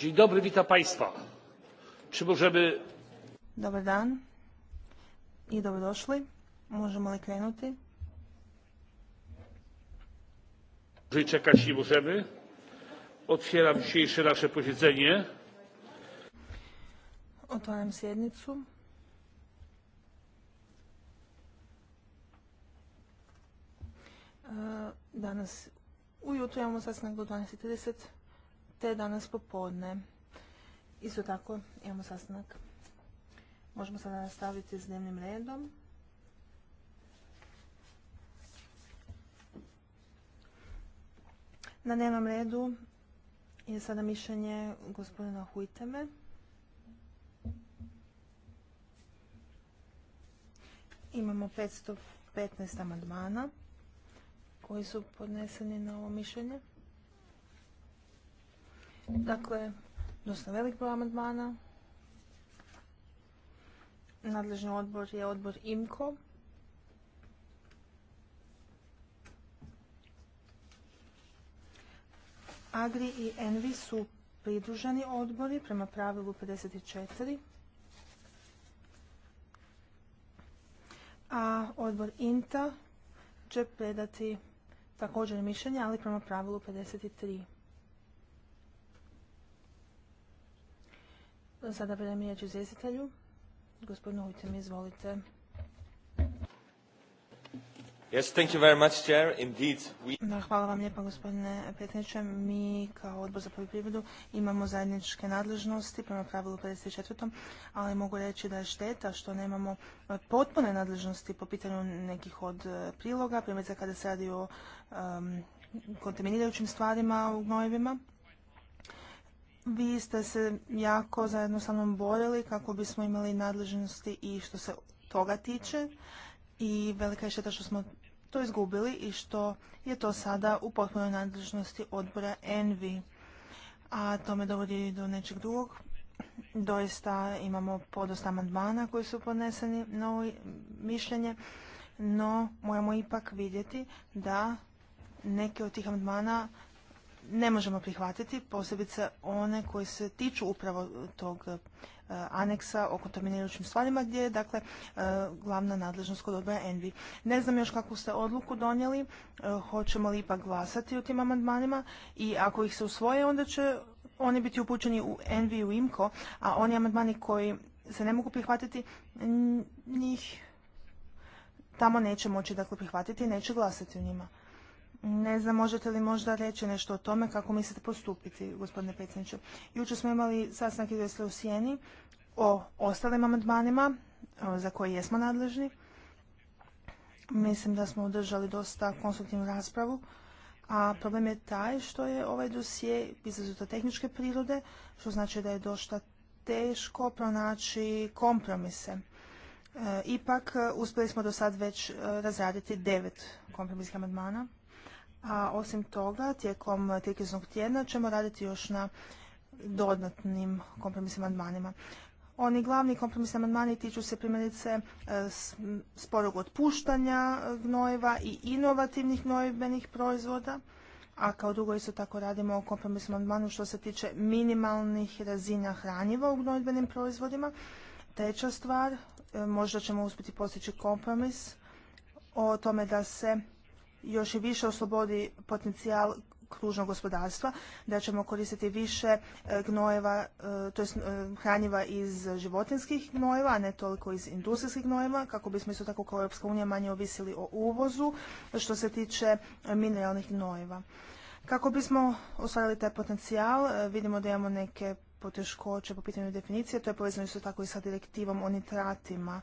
Dzień dobry, witam Państwa. Czy możemy... Dobar dan i dobrodošli. Możemy li krenuti? Čekać nie możemy. Otwieram dzisiejsze nasze posiedzenie. Otvaram sjednicu. E, danas ujutro imamo sastanak do 12.30 te danas popodne. Isto tako imamo sastanak. Možemo sada nastaviti s dnevnim redom. Na dnevnom redu je sada mišljenje gospodina Hujteme. Imamo 515 amandmana koji su podneseni na ovo mišljenje. Dakle, dosta velik broj amandmana. Nadležni odbor je odbor IMKO. Agri i Envi su pridruženi odbori prema pravilu 54. A odbor INTA će predati također mišljenje, ali prema pravilu 53. Sada predajem riječ izvjestitelju. Gospodinu Hujtem, izvolite. Hvala vam lijepa gospodine predsjedniče. Mi kao odbor za poljoprivredu imamo zajedničke nadležnosti prema pravilu 54. ali mogu reći da je šteta što nemamo potpune nadležnosti po pitanju nekih od e, priloga, primjerice kada se radi o kontaminirajućim stvarima u gnojevima. Vi ste se jako zajedno sa mnom borili kako bismo imali nadležnosti i što se toga tiče i velika je šteta što smo to izgubili i što je to sada u potpunoj nadležnosti odbora ENVI. A to me dovodi do nečeg drugog. Doista imamo podosta amandmana koji su podneseni na ovo mišljenje, no moramo ipak vidjeti da neke od tih amandmana ne možemo prihvatiti, posebice one koji se tiču upravo tog e, aneksa o kontaminirajućim stvarima gdje je dakle e, glavna nadležnost kod odbora Envi. Ne znam još kakvu ste odluku donijeli, e, hoćemo li ipak glasati o tim amandmanima i ako ih se usvoje onda će oni biti upućeni u Envi i u IMCO, a oni amandmani koji se ne mogu prihvatiti, njih tamo neće moći dakle prihvatiti i neće glasati u njima. Ne znam, možete li možda reći nešto o tome kako mislite postupiti, gospodine predsjedniče. Jučer smo imali sastanak izvjesle u Sijeni o ostalim amandmanima za koje jesmo nadležni. Mislim da smo održali dosta konstruktivnu raspravu, a problem je taj što je ovaj dosije izrazito tehničke prirode, što znači da je dosta teško pronaći kompromise. E, ipak uspjeli smo do sad već e, razraditi devet kompromisnih amandmana. A osim toga, tijekom tijekiznog tjedna ćemo raditi još na dodatnim kompromisnim amandmanima. Oni glavni kompromisni amandmani tiču se primjerice e, sporog otpuštanja gnojeva i inovativnih gnojbenih proizvoda, a kao drugo isto tako radimo o kompromisnom amandmanu što se tiče minimalnih razina hranjiva u gnojbenim proizvodima. Treća stvar, e, možda ćemo uspjeti postići kompromis o tome da se još i više oslobodi potencijal kružnog gospodarstva, da ćemo koristiti više e, gnojeva, e, to e, hranjiva iz životinskih gnojeva, a ne toliko iz industrijskih gnojeva, kako bismo isto tako kao Europska unija manje ovisili o uvozu što se tiče mineralnih gnojeva. Kako bismo ostvarili taj potencijal, vidimo da imamo neke poteškoće po pitanju definicije, to je povezano isto tako i sa direktivom o nitratima.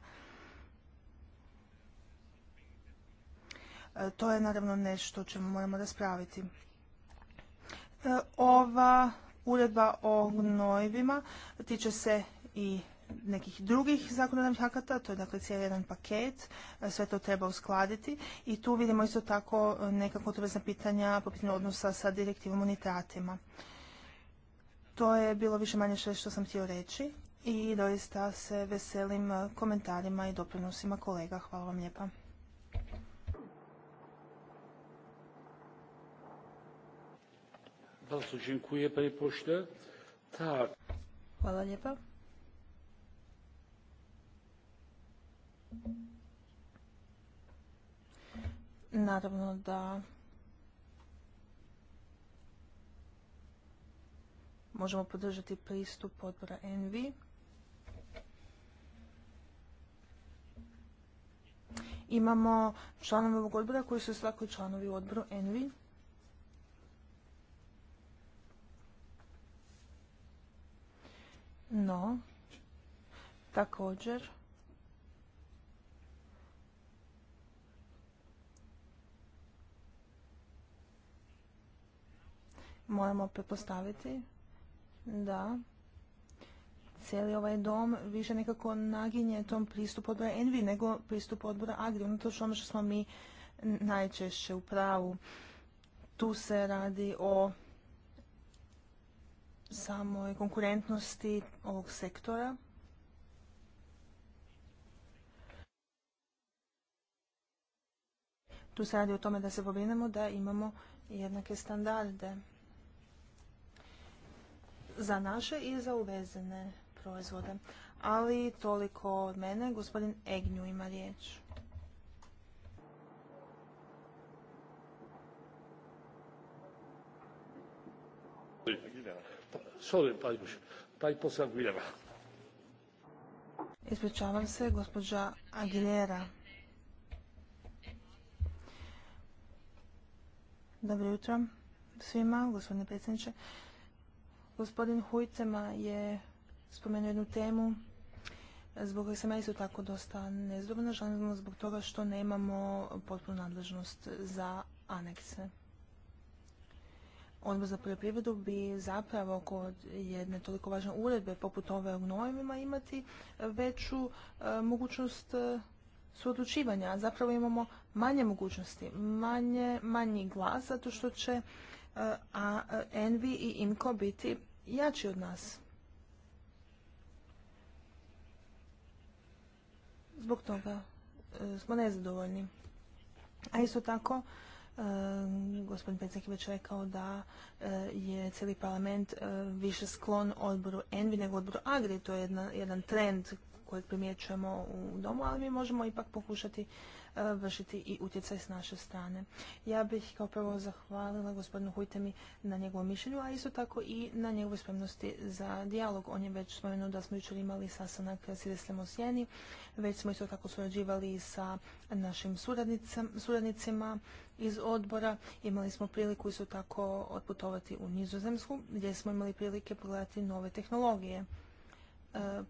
E, to je naravno nešto o čemu moramo raspraviti. E, ova uredba o gnojivima tiče se i nekih drugih zakonodavnih akata, to je dakle cijeli jedan paket, e, sve to treba uskladiti i tu vidimo isto tako neka kontroverzna pitanja po odnosa sa direktivom o To je bilo više manje sve što sam htio reći i doista se veselim komentarima i doprinosima kolega. Hvala vam lijepa. dziękuję, Hvala lijepa. Naravno da možemo podržati pristup odbora Envi. Imamo članove ovog odbora koji su svakoj članovi u odboru Envi. No, također moramo prepostaviti da cijeli ovaj dom više nekako naginje tom pristupu odbora Envi nego pristupu odbora Agri. Unatoč ono što smo mi najčešće u pravu. Tu se radi o samoj konkurentnosti ovog sektora. Tu se radi o tome da se pobrinemo da imamo jednake standarde za naše i za uvezene proizvode. Ali toliko od mene, gospodin Egnju ima riječ. Ispričavam se, gospođa Aguilera. Dobro jutro svima, gospodine predsjedniče. Gospodin Hujcema je spomenuo jednu temu zbog koje sam ja isto tako dosta nezdovoljna, žalimo zbog toga što nemamo potpunu nadležnost za anekse. Odbor za poljoprivredu bi zapravo kod jedne toliko važne uredbe poput ove o gnojivima imati veću e, mogućnost e, suodlučivanja, a zapravo imamo manje mogućnosti, manje, manji glas, zato što će e, a Envi i Imko biti jači od nas. Zbog toga smo nezadovoljni. A isto tako gospodin Pecek je već rekao da e, je cijeli parlament e, više sklon odboru Envi nego odboru Agri. To je jedan trend koji primjećujemo u domu, ali mi možemo ipak pokušati E, vršiti i utjecaj s naše strane. Ja bih kao prvo zahvalila gospodinu Hujtemi na njegovom mišljenju, a isto tako i na njegovoj spremnosti za dijalog. On je već spomenuo da smo jučer imali sastanak s Ideslem Sjeni, već smo isto tako surađivali sa našim suradnicima iz odbora. Imali smo priliku isto tako otputovati u Nizozemsku gdje smo imali prilike pogledati nove tehnologije e,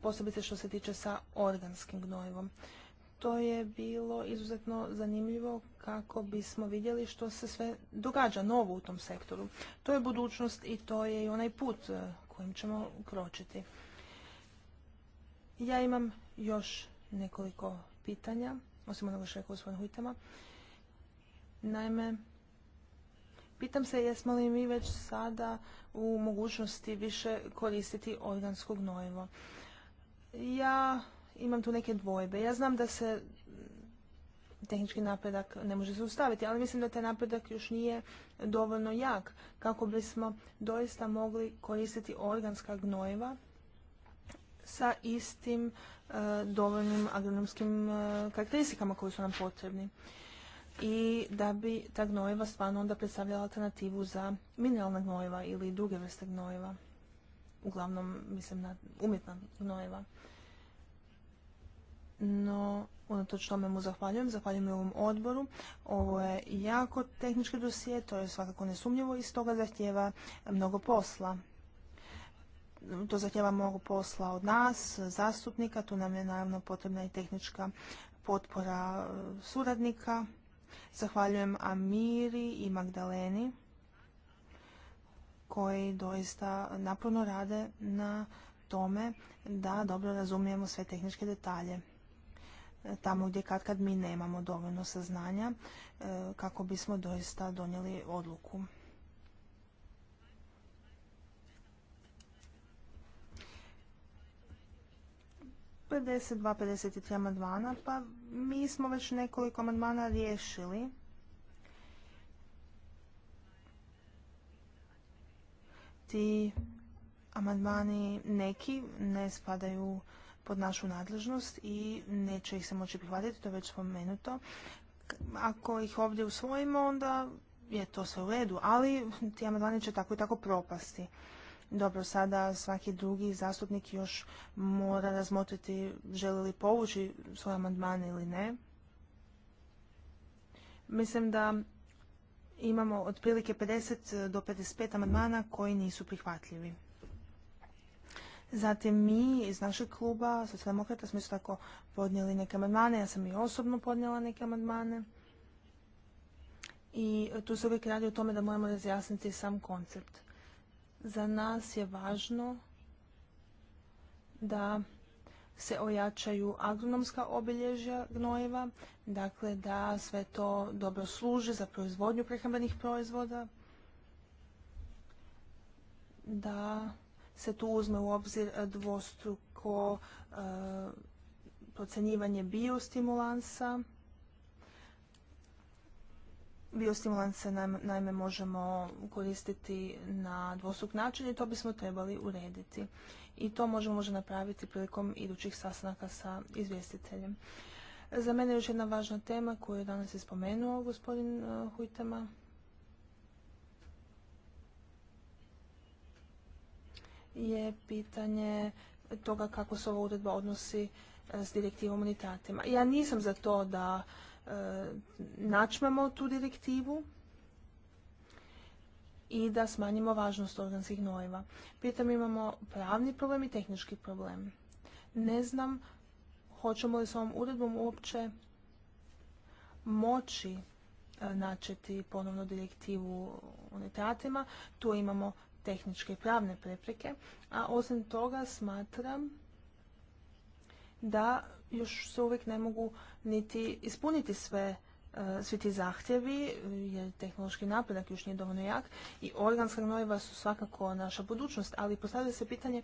posebice što se tiče sa organskim gnojivom to je bilo izuzetno zanimljivo kako bismo vidjeli što se sve događa novo u tom sektoru. To je budućnost i to je i onaj put e, kojim ćemo kročiti. Ja imam još nekoliko pitanja, osim onoga što je rekao svojim hujtama. Naime, pitam se jesmo li mi već sada u mogućnosti više koristiti organsko gnojivo. Ja imam tu neke dvojbe. Ja znam da se tehnički napredak ne može zaustaviti, ali mislim da taj napredak još nije dovoljno jak kako bismo doista mogli koristiti organska gnojiva sa istim e, dovoljnim agronomskim e, karakteristikama koji su nam potrebni. I da bi ta gnojiva stvarno onda predstavljala alternativu za mineralna gnojiva ili druge vrste gnojiva. Uglavnom, mislim, na umjetna gnojiva. Unatoč tome mu zahvaljujem, zahvaljujem i ovom odboru. Ovo je jako tehnički dosije, to je svakako nesumnjivo i stoga zahtjeva mnogo posla. To zahtjeva mnogo posla od nas, zastupnika, tu nam je naravno potrebna i tehnička potpora e, suradnika. Zahvaljujem Amiri i Magdaleni koji doista naporno rade na tome da dobro razumijemo sve tehničke detalje tamo gdje kad kad mi nemamo dovoljno saznanja e, kako bismo doista donijeli odluku. pedeset pedeset amandmana pa mi smo već nekoliko amandmana riješili ti amandmani neki ne spadaju pod našu nadležnost i neće ih se moći prihvatiti, to je već spomenuto. Ako ih ovdje usvojimo, onda je to sve u redu, ali ti amandmani će tako i tako propasti. Dobro, sada svaki drugi zastupnik još mora razmotriti želi li povući svoje amandmane ili ne. Mislim da imamo otprilike 50 do 55 amandmana koji nisu prihvatljivi. Zatim mi iz našeg kluba socijaldemokrata smo isto tako podnijeli neke amandmane, ja sam i osobno podnijela neke amandmane. I tu se uvijek radi o tome da moramo razjasniti sam koncept. Za nas je važno da se ojačaju agronomska obilježja gnojeva, dakle da sve to dobro služi za proizvodnju prehrambenih proizvoda, da se tu uzme u obzir e, dvostruko e, procenjivanje biostimulansa. Biostimulanse najme možemo koristiti na dvostruk način i to bismo trebali urediti. I to možemo možda napraviti prilikom idućih sastanaka sa izvjestiteljem. E, za mene je još jedna važna tema koju je danas ispomenuo spomenuo gospodin Hujtema je pitanje toga kako se ova uredba odnosi e, s direktivom o Ja nisam za to da e, načmamo tu direktivu i da smanjimo važnost organskih gnojiva. pitam imamo pravni problem i tehnički problem. Ne znam hoćemo li s ovom uredbom uopće moći e, načeti ponovno direktivu unitatima Tu imamo tehničke i pravne prepreke, a osim toga smatram da još se uvijek ne mogu niti ispuniti sve e, svi ti zahtjevi, jer tehnološki napredak još nije dovoljno jak i organska gnojiva su svakako naša budućnost, ali postavlja se pitanje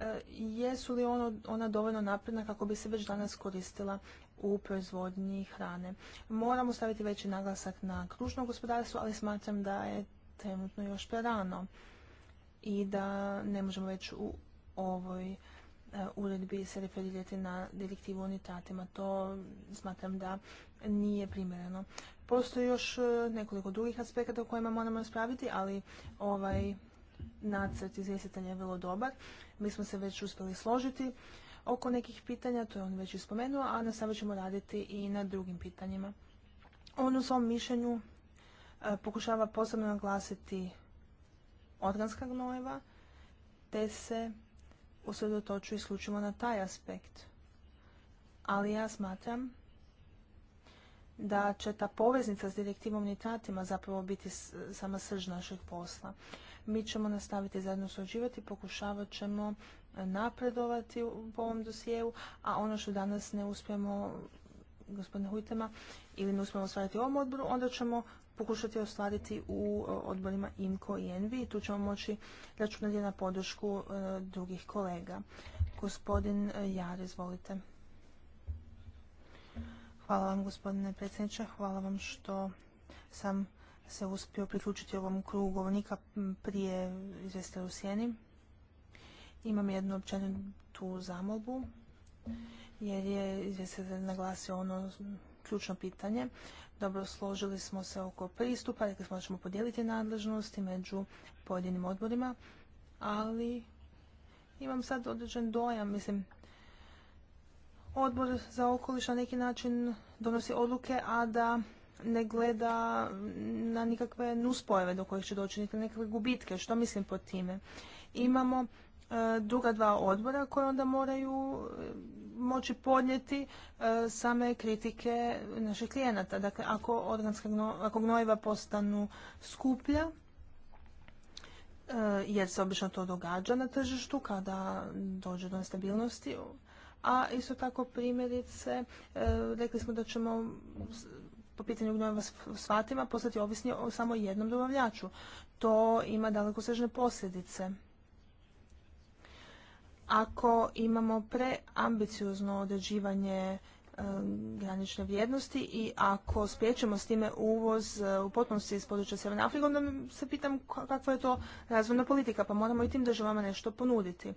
e, jesu li ono, ona dovoljno napredna kako bi se već danas koristila u proizvodnji hrane. Moramo staviti veći naglasak na kružno gospodarstvo, ali smatram da je trenutno još prerano i da ne možemo već u ovoj e, uredbi se referirati na direktivu o nitratima. To smatram da nije primjereno. Postoji još e, nekoliko drugih aspekata o kojima moramo raspraviti, ali ovaj nacrt izvjestitelja je vrlo dobar. Mi smo se već uspjeli složiti oko nekih pitanja, to je on već ispomenuo, a nastavit ćemo raditi i na drugim pitanjima. On u svom mišljenju e, pokušava posebno naglasiti organska gnojeva, te se usredotočuju isključivo na taj aspekt. Ali ja smatram da će ta poveznica s direktivom nitratima zapravo biti sama srž našeg posla. Mi ćemo nastaviti zajedno surađivati, pokušavat ćemo napredovati po ovom dosijevu, a ono što danas ne uspijemo gospodine Hujtema, ili ne uspijemo ostvariti u ovom odboru, onda ćemo pokušati ostvariti u e, odborima IMCO i ENVI i tu ćemo moći računati na podršku e, drugih kolega. Gospodin e, Jar, izvolite. Hvala vam gospodine predsjedniče, hvala vam što sam se uspio priključiti ovom krugu govornika prije izveste u sjeni. Imam jednu općenitu zamolbu jer je se naglasio ono ključno pitanje. Dobro, složili smo se oko pristupa, rekli smo da ćemo podijeliti nadležnosti među pojedinim odborima, ali imam sad određen dojam, mislim, odbor za okoliš na neki način donosi odluke, a da ne gleda na nikakve nuspojave do kojih će doći, niti nekakve gubitke. Što mislim pod time? Imamo E, druga dva odbora koje onda moraju e, moći podnijeti e, same kritike naših klijenata. Dakle, ako, organska ako gnojiva postanu skuplja, jer se obično to događa na tržištu kada dođe do nestabilnosti, a isto tako primjerice, rekli smo da ćemo po pitanju gnojiva s fatima postati ovisni o samo jednom dobavljaču. To ima daleko sežne posljedice ako imamo preambiciozno određivanje e, granične vrijednosti i ako spriječemo s time uvoz e, u potpunosti iz područja Sjeverne Afrike, onda se pitam kakva je to razvojna politika, pa moramo i tim državama nešto ponuditi.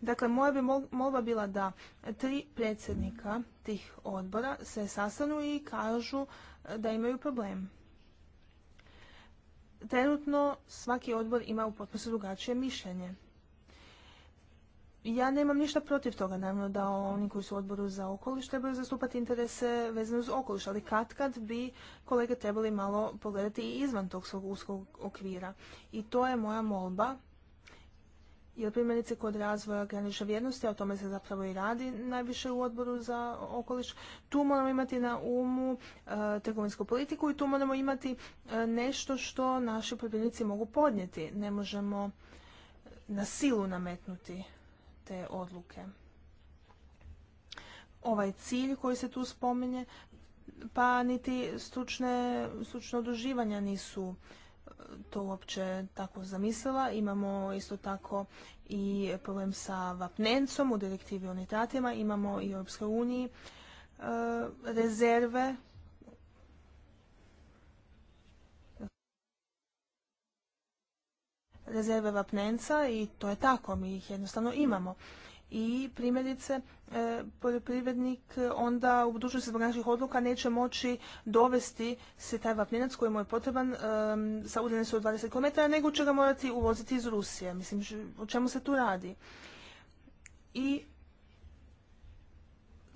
Dakle, moja bi molba bila da tri predsjednika tih odbora se sastanu i kažu e, da imaju problem. Trenutno svaki odbor ima u potpunosti drugačije mišljenje. Ja nemam ništa protiv toga, naravno da oni koji su u odboru za okoliš trebaju zastupati interese vezane uz okoliš, ali kad kad bi kolege trebali malo pogledati i izvan tog svog uskog okvira. I to je moja molba, jer primjerice kod razvoja granične vrijednosti, a o tome se zapravo i radi najviše u odboru za okoliš, tu moramo imati na umu e, trgovinsku politiku i tu moramo imati e, nešto što naši poljoprivrednici mogu podnijeti. Ne možemo na silu nametnuti te odluke. Ovaj cilj koji se tu spominje, pa niti stručne, oduživanja nisu e, to uopće tako zamislila. Imamo isto tako i problem sa vapnencom u direktivi o Imamo i u Europskoj uniji e, rezerve rezerve vapnenca i to je tako, mi ih jednostavno imamo. I primjerice, e, poljoprivrednik e, onda u budućnosti zbog naših odluka neće moći dovesti se taj vapnenac koji mu je potreban e, sa udaljenosti od 20 km, nego će ga morati uvoziti iz Rusije. Mislim, o čemu se tu radi? I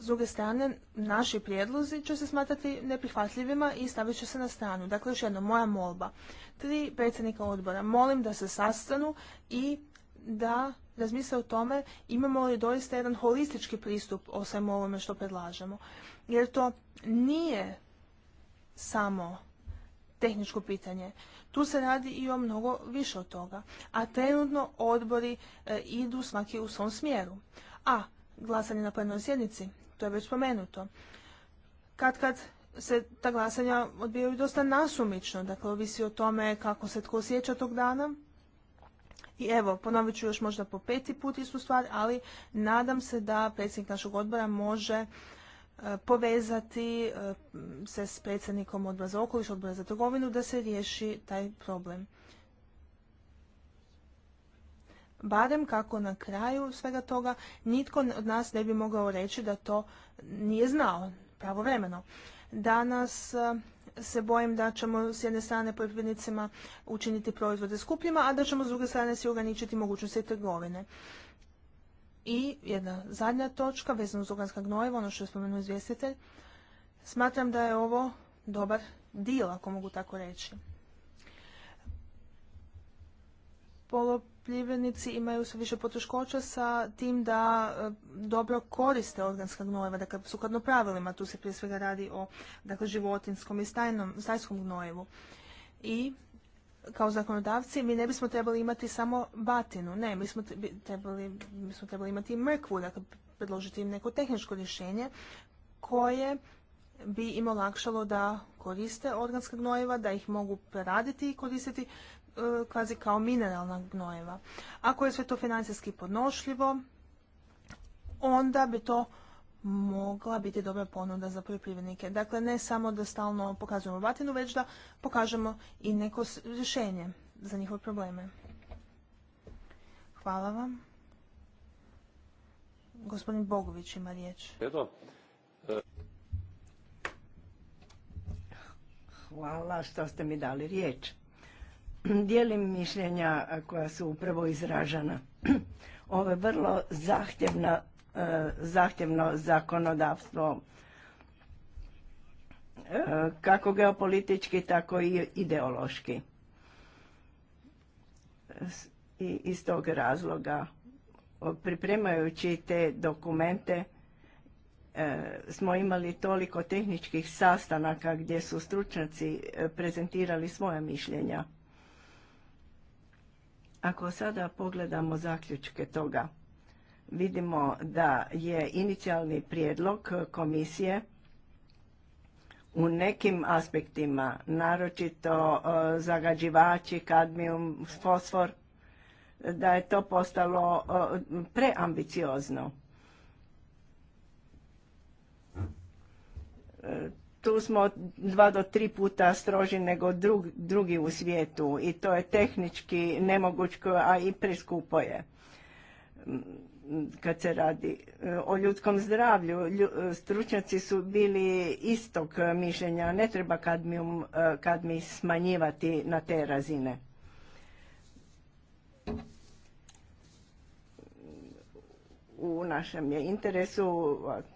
s druge strane, naši prijedlozi će se smatrati neprihvatljivima i stavit će se na stranu. Dakle, još jedno, moja molba. Tri predsjednika odbora, molim da se sastanu i da razmisle o tome imamo li doista jedan holistički pristup o svemu ovome što predlažemo. Jer to nije samo tehničko pitanje. Tu se radi i o mnogo više od toga. A trenutno odbori e, idu svaki u svom smjeru. A glasanje na plenoj sjednici to je već spomenuto. Kad kad se ta glasanja odbijaju dosta nasumično, dakle ovisi o tome kako se tko osjeća tog dana. I evo, ponovit ću još možda po peti put istu stvar, ali nadam se da predsjednik našeg odbora može e, povezati e, se s predsjednikom odbora za okoliš, odbora za trgovinu, da se riješi taj problem barem kako na kraju svega toga nitko od nas ne bi mogao reći da to nije znao pravovremeno. Danas eh, se bojim da ćemo s jedne strane poljoprivrednicima učiniti proizvode skupljima, a da ćemo s druge strane si ograničiti mogućnosti trgovine. I jedna zadnja točka vezano uz organska gnojiva, ono što je spomenuo izvjestitelj, smatram da je ovo dobar dil, ako mogu tako reći poljoprivrednici imaju sve više poteškoća sa tim da e, dobro koriste organska gnojeva, dakle sukladno pravilima, tu se prije svega radi o dakle, životinskom i stajnom, stajskom gnojevu. I kao zakonodavci mi ne bismo trebali imati samo batinu, ne, mi smo trebali, mi smo trebali imati mrkvu, dakle predložiti im neko tehničko rješenje koje bi im olakšalo da koriste organska gnojeva, da ih mogu preraditi i koristiti E, kvazi kao mineralna gnojeva. Ako je sve to financijski podnošljivo, onda bi to mogla biti dobra ponuda za poljoprivrednike. Dakle, ne samo da stalno pokazujemo vatinu, već da pokažemo i neko rješenje za njihove probleme. Hvala vam. Gospodin Bogović ima riječ. E. Hvala što ste mi dali riječ dijelim mišljenja koja su upravo izražena. Ovo je vrlo zahtjevna, e, zahtjevno zakonodavstvo e, kako geopolitički, tako i ideološki. I iz tog razloga, pripremajući te dokumente, e, smo imali toliko tehničkih sastanaka gdje su stručnjaci prezentirali svoja mišljenja ako sada pogledamo zaključke toga, vidimo da je inicijalni prijedlog komisije u nekim aspektima, naročito e, zagađivači, kadmijum, fosfor, da je to postalo e, preambiciozno. E, tu smo dva do tri puta stroži nego drugi u svijetu i to je tehnički nemoguće, a i preskupo je kad se radi e, o ljudskom zdravlju. E, stručnjaci su bili istog mišljenja, ne treba kad mi um, e, smanjivati na te razine. u našem je interesu,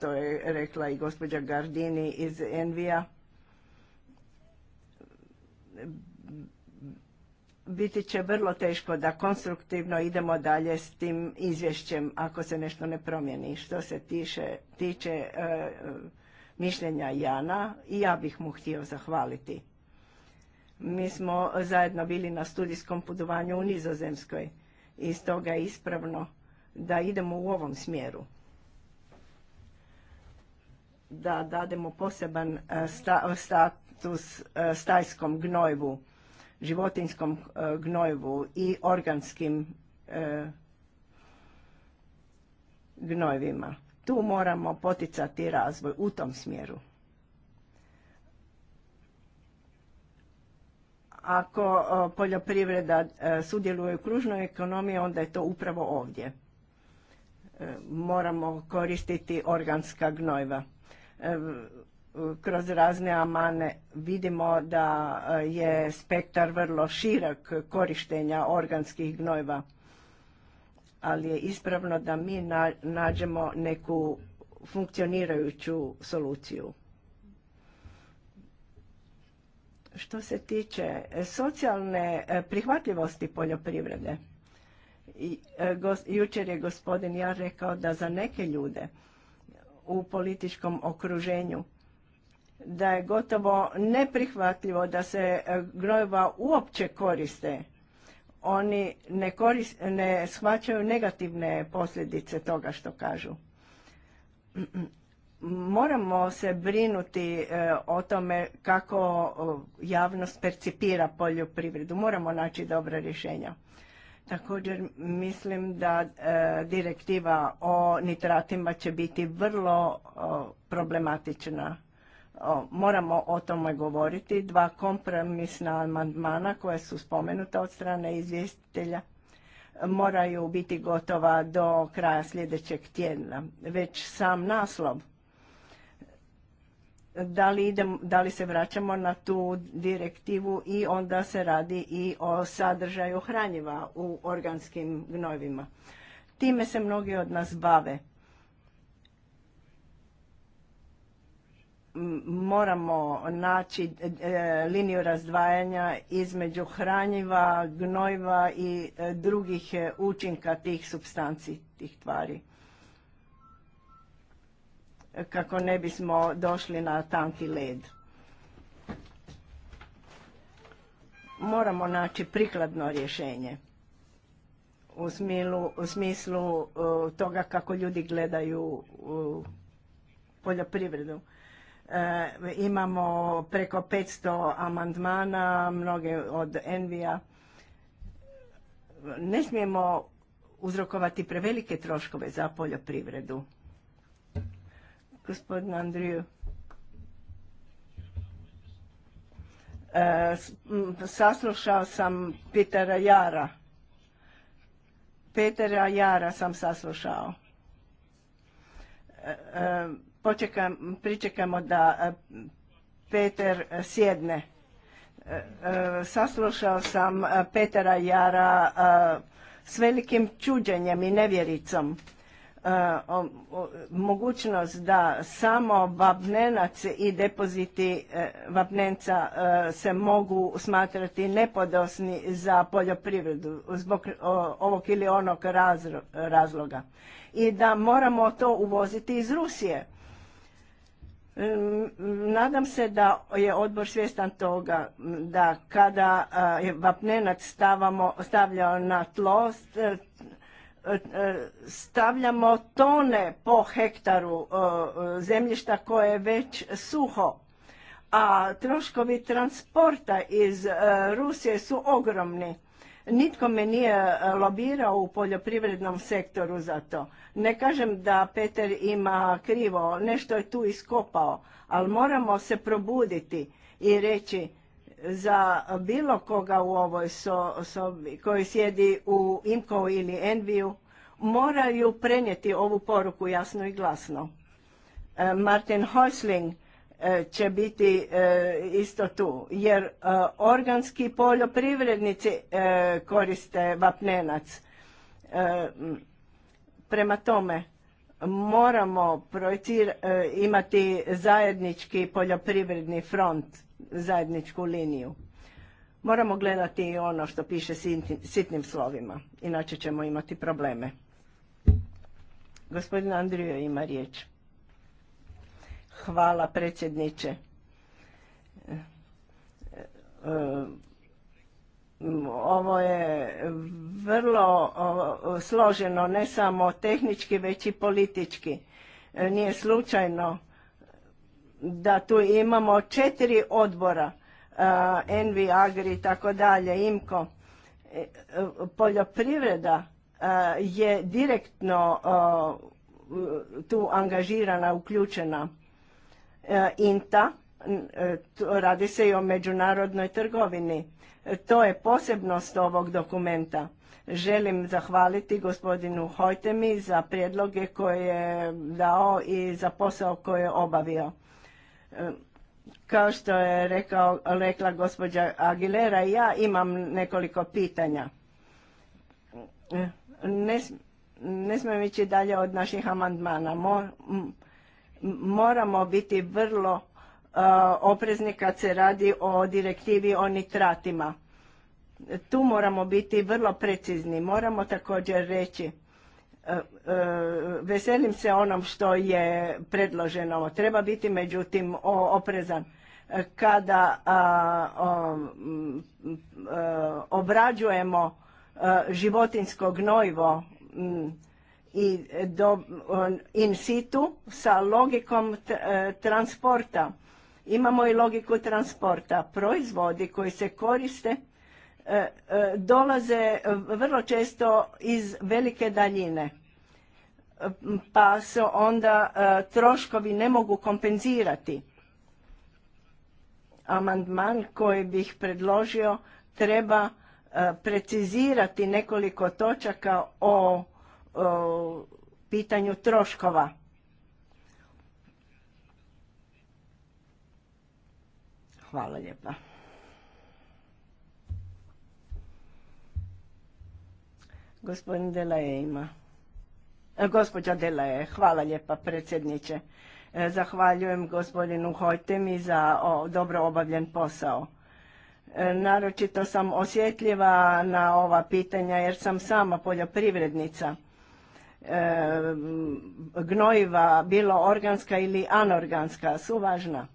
to je rekla i gospođa Gardini iz Envija, biti će vrlo teško da konstruktivno idemo dalje s tim izvješćem ako se nešto ne promijeni. Što se tiše, tiče e, e, mišljenja Jana, i ja bih mu htio zahvaliti. Mi smo zajedno bili na studijskom putovanju u Nizozemskoj i stoga je ispravno da idemo u ovom smjeru da dademo poseban e, status e, stajskom gnojvu, životinskom e, gnojvu i organskim gnojvima. Tu moramo poticati razvoj u tom smjeru. Ako poljoprivreda sudjeluje u kružnoj ekonomiji, onda je to upravo ovdje moramo koristiti organska gnojiva. E, kroz razne amane vidimo da e, je spektar vrlo širok korištenja organskih gnojiva, ali je ispravno da mi nađemo neku funkcionirajuću soluciju. Što se tiče e, socijalne prihvatljivosti poljoprivrede, E, jučer je gospodin ja rekao da za neke ljude u političkom okruženju da je gotovo neprihvatljivo da se e, grojeva uopće koriste. Oni ne, ne shvaćaju negativne posljedice toga što kažu. Moramo se brinuti e, o tome kako javnost percipira poljoprivredu. Moramo naći dobra rješenja. Također mislim da e, direktiva o nitratima će biti vrlo problematična. moramo o tome govoriti. Dva kompromisna amandmana koja su spomenuta od strane izvjestitelja e, moraju biti gotova do kraja sljedećeg tjedna. Već sam naslov da li, da li se vraćamo na tu direktivu i onda se radi i o sadržaju hranjiva u organskim gnojivima. Time se mnogi od nas bave. Moramo naći e, liniju razdvajanja između hranjiva, gnojiva i e, drugih e, učinka tih substanci, tih tvari kako ne bismo došli na tanki led. Moramo naći prikladno rješenje u, u smislu e, toga kako ljudi gledaju poljoprivredu. E, imamo preko 500 amandmana, mnoge od Envija. Ne smijemo uzrokovati prevelike troškove za poljoprivredu. Gospodin Andriju. E, saslušao sam Petera Jara. Petera Jara sam saslušao. E, e, pričekamo da Peter sjedne. Saslušao sam Petera Jara s velikim čuđenjem i nevjericom. E, mogućnost da samo vapnenac i depoziti e, vapnenca e, se mogu smatrati nepodosni za poljoprivredu zbog ovog ili onog razloga i da moramo to uvoziti iz Rusije. Mm, nadam se da je odbor svjestan toga da kada je vapnenac stavljao na tlo, stavljamo tone po hektaru e, zemljišta koje je već suho, a troškovi transporta iz e, Rusije su ogromni. Nitko me nije e, lobirao u poljoprivrednom sektoru za to. Ne kažem da Peter ima krivo, nešto je tu iskopao, ali moramo se probuditi i reći za bilo koga u ovoj sobi koji sjedi u Imko ili Enviju moraju prenijeti ovu poruku jasno i glasno. E, Martin Häusling e, će biti e, isto tu, jer organski poljoprivrednici koriste vapnenac. Prema tome, moramo imati zajednički poljoprivredni front zajedničku liniju. Moramo gledati i ono što piše sitnim slovima, inače ćemo imati probleme. Gospodin Andriju ima riječ. Hvala predsjedniče. Eh, eh, ovo je vrlo složeno, ne samo tehnički, već i politički. Eh, nije slučajno da tu imamo četiri odbora, eh, Envi, Agri i tako dalje, Imko. Eh, poljoprivreda eh, je direktno tu angažirana, uključena. INTA, radi se i o međunarodnoj trgovini. To je posebnost ovog dokumenta. Želim zahvaliti gospodinu Hojtemi za prijedloge koje je dao i za posao koje je obavio. Kao što je rekao, rekla gospođa Aguilera, ja imam nekoliko pitanja. Ne, ne smijem ići dalje od naših amandmana. moramo biti vrlo oprezni kad se radi o direktivi o nitratima. Tu moramo biti vrlo precizni. Moramo također reći veselim se onom što je predloženo. Treba biti međutim oprezan kada obrađujemo životinsko gnojivo i in situ sa logikom e, transporta. Imamo i logiku transporta. Proizvodi koji se koriste E, e, dolaze e, vrlo često iz velike daljine pa se onda troškovi ne mogu kompenzirati. Amandman koji bih predložio treba precizirati nekoliko točaka o, pitanju troškova. Hvala lijepa. Gospodin Delaje ima. E, gospođa Delaje, hvala lijepa predsjedniče. E, zahvaljujem gospodinu Hojtemi za dobro obavljen posao. E, naročito sam osjetljiva na ova pitanja jer sam sama poljoprivrednica. E, gnojiva, bilo organska ili anorganska, su važna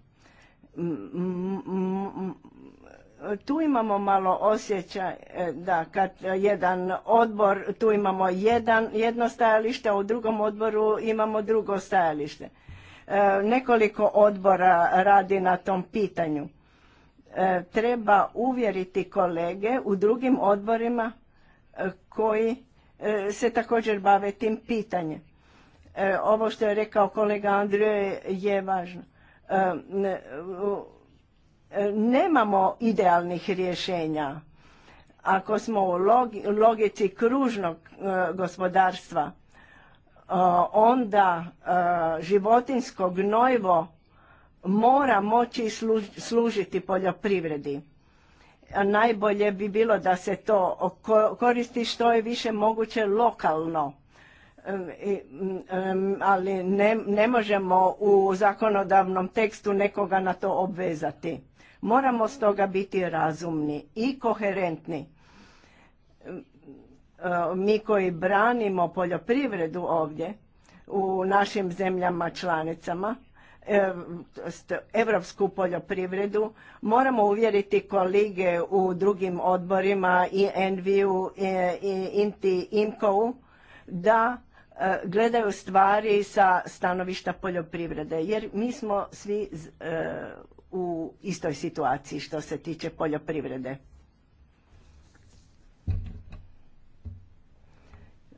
tu imamo malo osjećaj e, da kad jedan odbor, tu imamo jedan, jedno stajalište, a u drugom odboru imamo drugo stajalište. E, nekoliko odbora radi na tom pitanju. E, treba uvjeriti kolege u drugim odborima koji se također bave tim pitanjem. ovo što je rekao kolega Andrije je važno. U, Nemamo idealnih rješenja. Ako smo u logici kružnog e, gospodarstva, e, onda e, životinsko gnojivo mora moći služiti poljoprivredi. Najbolje bi bilo da se to koristi što je više moguće lokalno, ali ne možemo u zakonodavnom tekstu nekoga na to obvezati. Moramo stoga biti razumni i koherentni. Mi koji branimo poljoprivredu ovdje u našim zemljama članicama, evropsku poljoprivredu. Moramo uvjeriti kolege u drugim odborima i Enviju i Inti da e, gledaju stvari sa stanovišta poljoprivrede jer mi smo svi e, u istoj situaciji što se tiče poljoprivrede.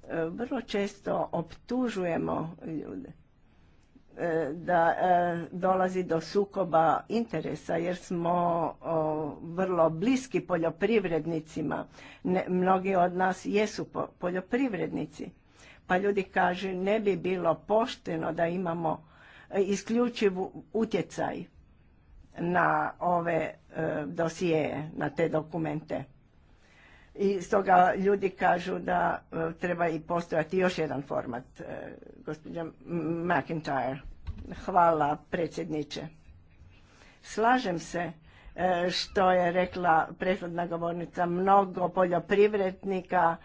E, vrlo često optužujemo ljude e, da e, dolazi do sukoba interesa jer smo vrlo bliski poljoprivrednicima. Mnogi od nas jesu poljoprivrednici. Pa ljudi kažu ne bi bilo pošteno da imamo isključiv utjecaj na ove e, dosije, na te dokumente. I stoga ljudi kažu da e, treba i postojati još jedan format. E, gospođa McIntyre, hvala predsjedniče. Slažem se što je rekla prethodna govornica, mnogo poljoprivrednika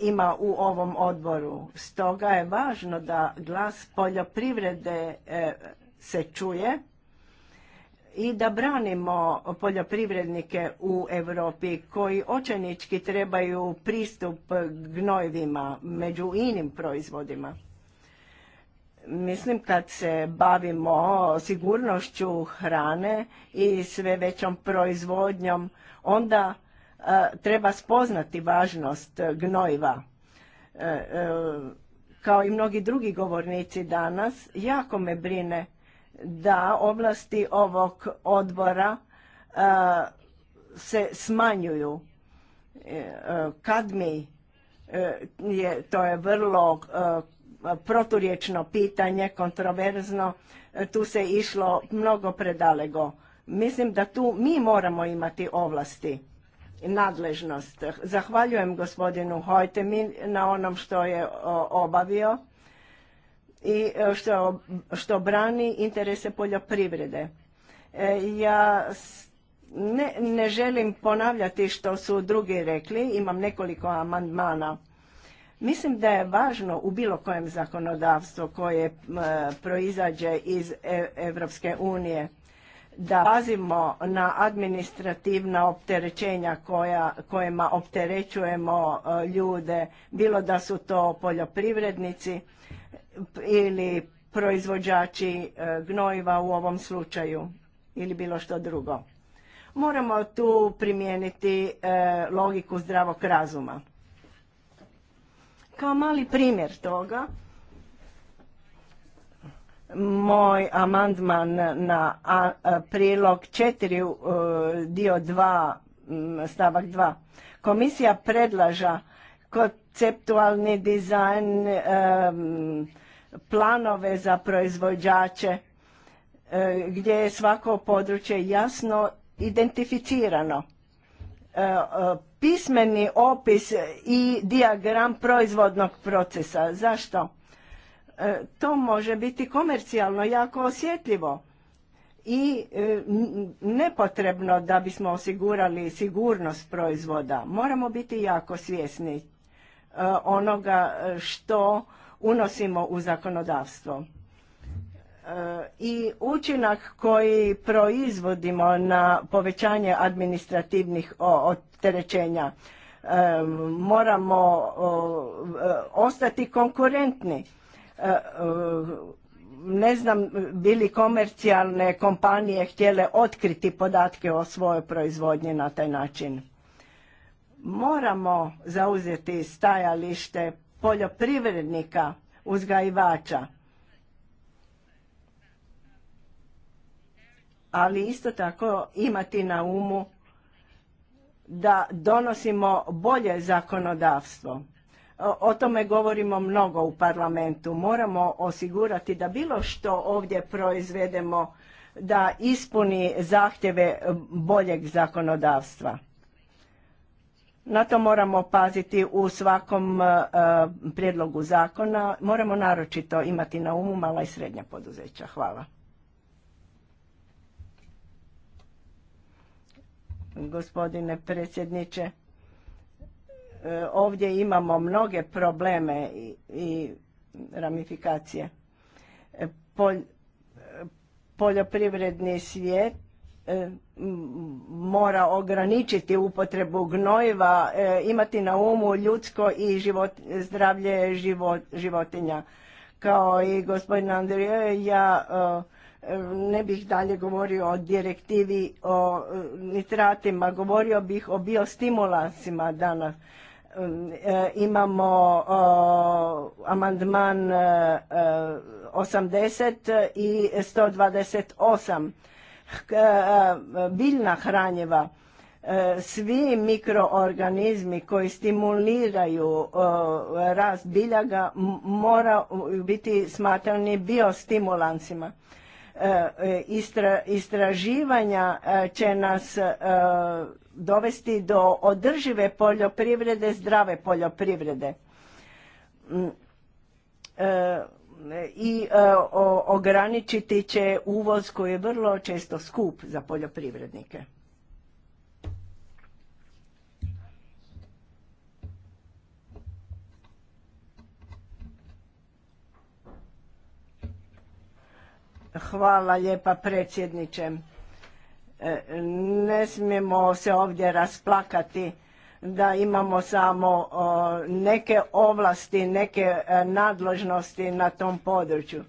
ima u ovom odboru. Stoga je važno da glas poljoprivrede se čuje i da branimo poljoprivrednike u Europi koji očajnički trebaju pristup gnojivima među inim proizvodima. Mislim kad se bavimo sigurnošću hrane i sve većom proizvodnjom, onda e, treba spoznati važnost gnojiva. E, e, kao i mnogi drugi govornici danas, jako me brine da oblasti ovog odbora e, se smanjuju. E, Kad mi e, je, to je vrlo proturječno pitanje, kontroverzno, tu se išlo mnogo predalego. Mislim da tu mi moramo imati ovlasti nadležnost. Zahvaljujem gospodinu Hojtemi na onom što je obavio i e, što, što brani interese poljoprivrede. E, ja ne, ne želim ponavljati što su drugi rekli, imam nekoliko amandmana. Mislim da je važno u bilo kojem zakonodavstvu koje e, proizađe iz Europske unije da pazimo na administrativna opterećenja koja, kojima opterećujemo ljude, bilo da su to poljoprivrednici, ili proizvođači e, gnojiva u ovom slučaju ili bilo što drugo. Moramo tu primijeniti e, logiku zdravog razuma. Kao mali primjer toga, moj amandman na prilog 4 e, dio 2 stavak 2. Komisija predlaža konceptualni dizajn planove za proizvođače e, gdje je svako područje jasno identificirano. E, e, pismeni opis i diagram proizvodnog procesa. Zašto? To može biti komercijalno jako osjetljivo i nepotrebno da bismo osigurali sigurnost proizvoda. Moramo biti jako svjesni onoga što unosimo u zakonodavstvo. E, I učinak koji proizvodimo na povećanje administrativnih opterećenja e, moramo e, ostati konkurentni. Ne znam bili komercijalne kompanije htjele otkriti podatke o svojoj proizvodnji na taj način. Moramo zauzeti stajalište poljoprivrednika, uzgajivača. Ali isto tako imati na umu da donosimo bolje zakonodavstvo. O tome govorimo mnogo u parlamentu. Moramo osigurati da bilo što ovdje proizvedemo da ispuni zahtjeve boljeg zakonodavstva. Na to moramo paziti u svakom e, prijedlogu zakona. Moramo naročito imati na umu mala i srednja poduzeća. Hvala. Gospodine predsjedniče, e, ovdje imamo mnoge probleme i, ramifikacije. E, poljoprivredni svijet E, mora ograničiti upotrebu gnojiva, e, imati na umu ljudsko i život, zdravlje životinja. Kao i gospodin Andrije, ja e, ne bih dalje govorio o direktivi o nitratima, govorio bih o biostimulansima danas. Imamo amandman 80 i 128 biljna hranjeva, e, svi mikroorganizmi koji stimuliraju rast biljaga mora biti smatrani biostimulansima. E, e, istraživanja će nas dovesti do održive poljoprivrede, zdrave poljoprivrede. Mm, i e, ograničiti će uvoz koji je vrlo često skup za poljoprivrednike. Hvala lijepa predsjedniče. E, ne smijemo se ovdje rasplakati da imamo samo neke ovlasti, neke e, nadležnosti na tom području.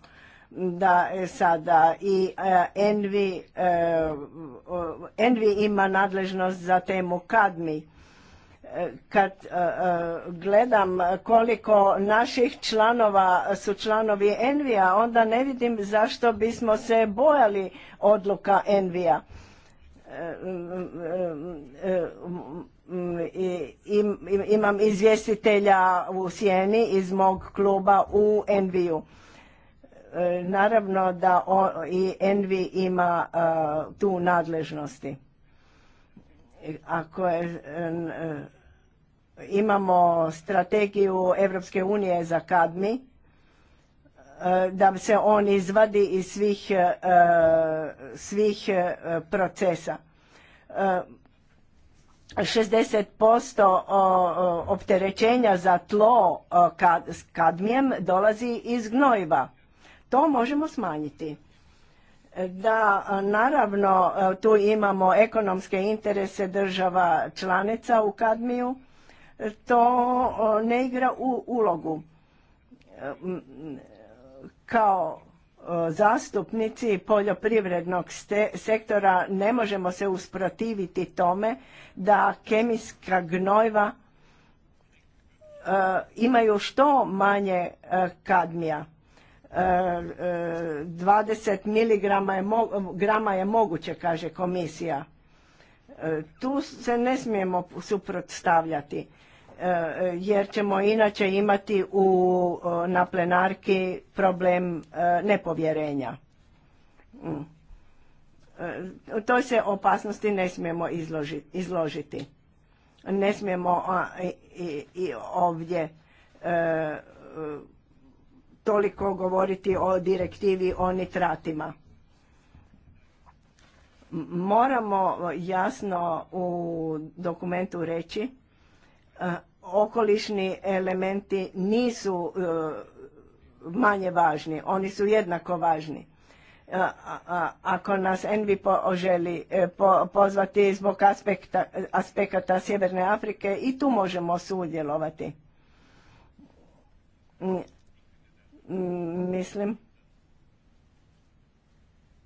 Da e, sada i e, Envi, ima nadležnost za temu kadmi. Kad gledam koliko naših članova su članovi Envija, onda ne vidim zašto bismo se bojali odluka Envija imam izvjestitelja u Sjeni iz mog kluba u Enviju. E, naravno da i Envi ima e, tu nadležnosti. E, ako je, imamo strategiju Evropske unije za kadmi, da se on izvadi iz svih, svih procesa 60% opterećenja za tlo s kadmijem dolazi iz gnojiva. To možemo smanjiti. Da, naravno, tu imamo ekonomske interese država članica u kadmiju. To ne igra u ulogu. Kao zastupnici poljoprivrednog sektora ne možemo se usprotiviti tome da kemijska gnojva e, imaju što manje e, kadmija. 20 e, miligrama grama je moguće, kaže komisija. Tu se ne smijemo suprotstavljati. E, jer ćemo inače imati u, na plenarki problem e, nepovjerenja. Mm. E, toj se opasnosti ne smijemo izložiti. Ne smijemo i ovdje toliko govoriti o direktivi o nitratima. Moramo jasno u dokumentu reći E, okolišni elementi nisu e, manje važni, oni su jednako važni. E, ako nas Envi želi pozvati zbog aspekta, aspekata Sjeverne Afrike i tu možemo sudjelovati. mislim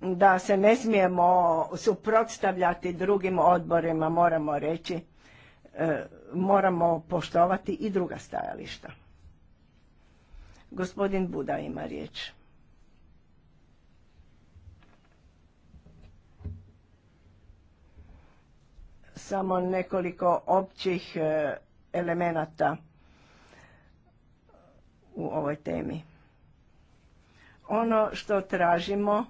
da se ne smijemo suprotstavljati drugim odborima, moramo reći moramo poštovati i druga stajališta. Gospodin Buda ima riječ. Samo nekoliko općih e, elemenata u ovoj temi. Ono što tražimo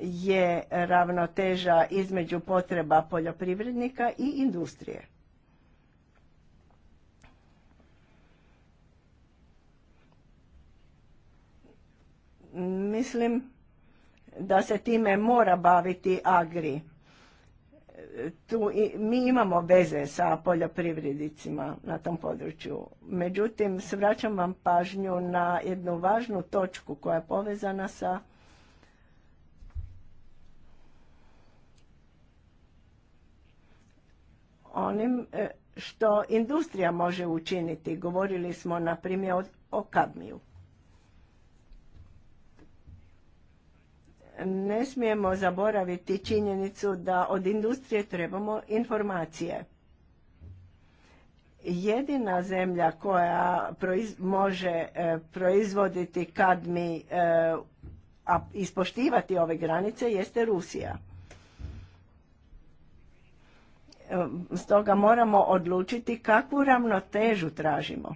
je ravnoteža između potreba poljoprivrednika i industrije. Mislim da se time mora baviti Agri. Tu i, mi imamo veze sa poljoprivrednicima na tom području. Međutim, svraćam vam pažnju na jednu važnu točku koja je povezana sa onim e, što industrija može učiniti. Govorili smo na primjer o kadmiju. Ne smijemo zaboraviti činjenicu da od industrije trebamo informacije. Jedina zemlja koja može e, proizvoditi kad mi e, ispoštivati ove granice jeste Rusija. E, stoga moramo odlučiti kakvu ravnotežu tražimo.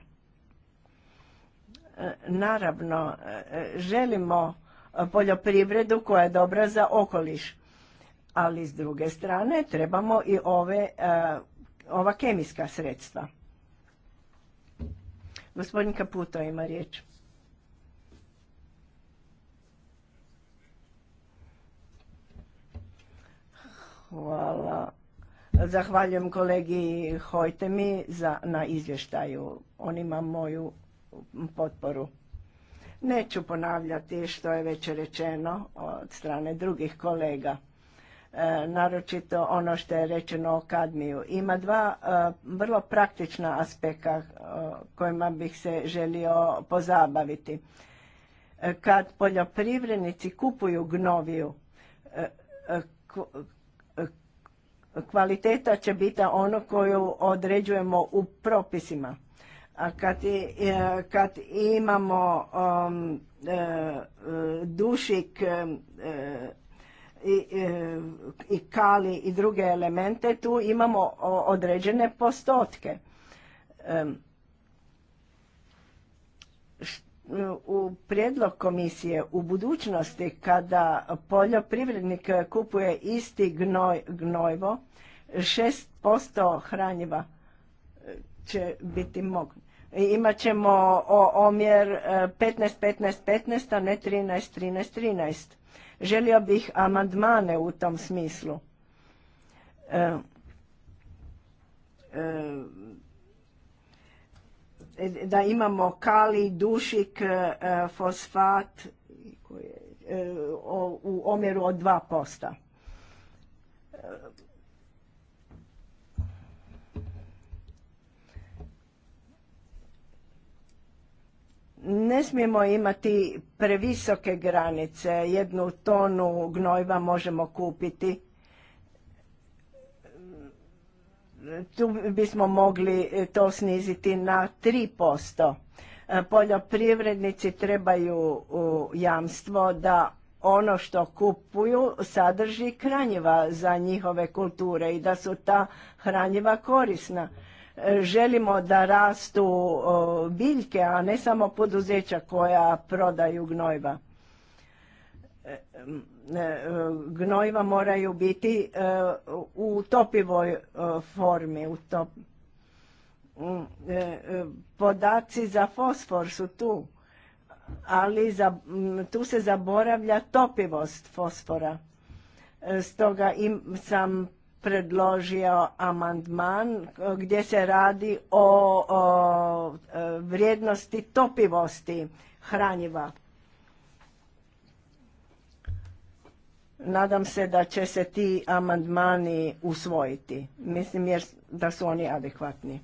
Naravno, želimo poljoprivredu koja je dobra za okoliš. Ali s druge strane trebamo i ove, e, ova kemijska sredstva. Gospodin Kaputo ima riječ. Hvala. Zahvaljujem kolegi Hojtemi za, na izvještaju. On ima moju potporu. Neću ponavljati što je već rečeno od strane drugih kolega, e, naročito ono što je rečeno o kadmiju. Ima dva e, vrlo praktična aspekta e, kojima bih se želio pozabaviti. Kad poljoprivrednici kupuju gnoviju, kvaliteta će biti ono koju određujemo u propisima a kad, e, kad imamo um, e, dušik e, i, i kali i druge elemente, tu imamo određene postotke. u prijedlog komisije u budućnosti kada poljoprivrednik kupuje isti gnoj, gnojvo, 6% hranjiva će biti mogu imat ćemo omjer 15-15-15, e, a ne 13-13-13. Želio bih amandmane u tom smislu. E, e, da imamo kali, dušik, fosfat u omjeru od 2%. Ne smijemo imati previsoke granice, jednu tonu gnojva možemo kupiti. Tu bismo mogli to sniziti na 3%. Poljoprivrednici trebaju jamstvo da ono što kupuju sadrži hranjiva za njihove kulture i da su ta hranjiva korisna Želimo da rastu biljke, a ne samo poduzeća koja prodaju gnojiva. E, e, gnojiva moraju biti e, u topivoj formi. U top... Podaci za fosfor su tu, ali tu se zaboravlja topivost fosfora. Stoga im sam predložio amandman eh, gdje se radi o, eh, vrijednosti topivosti hranjiva. Nadam se da će se ti amandmani usvojiti. Mislim jer da su oni adekvatni.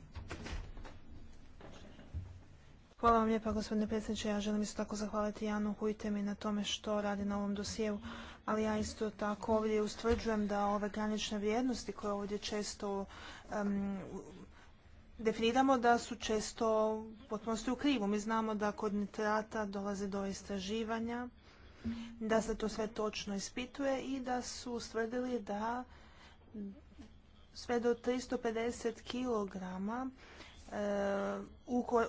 Hvala vam lijepa gospodine predsjedniče. Ja želim isto tako zahvaliti Janu Hujtemi na tome što radi na ovom dosjeu ali ja isto tako ovdje ustvrđujem da ove granične vrijednosti koje ovdje često definiramo da su često potpuno u krivu. Mi znamo da kod nitrata dolazi do istraživanja, da se to sve točno ispituje i da su ustvrdili da sve do 350 kilograma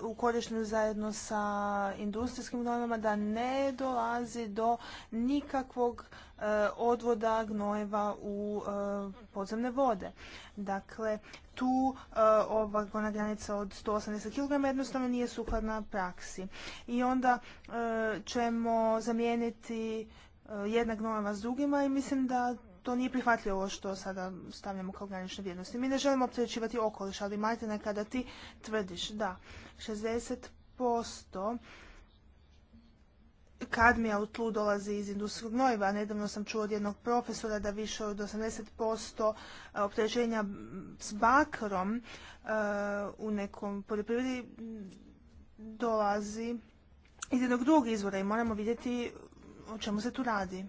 u korištenju zajedno sa industrijskim gnojima da ne dolazi do nikakvog eh, odvoda gnojeva u eh, podzemne vode. Dakle, tu eh, ova ona granica od 180 kg jednostavno nije sukladna praksi. I onda ćemo zamijeniti jedna gnojeva s drugima i mislim da to nije prihvatljivo ovo što sada stavljamo kao granične vrijednosti. Mi ne želimo opterećivati okoliš, ali majte nekada ti tvrdiš da 60% kadmija u tlu dolazi iz industrijskog gnojiva. Nedavno sam čuo od jednog profesora da više od 80% e, opterećenja s bakrom e, u nekom poljoprivredi dolazi iz jednog drugog izvora i moramo vidjeti o čemu se tu radi.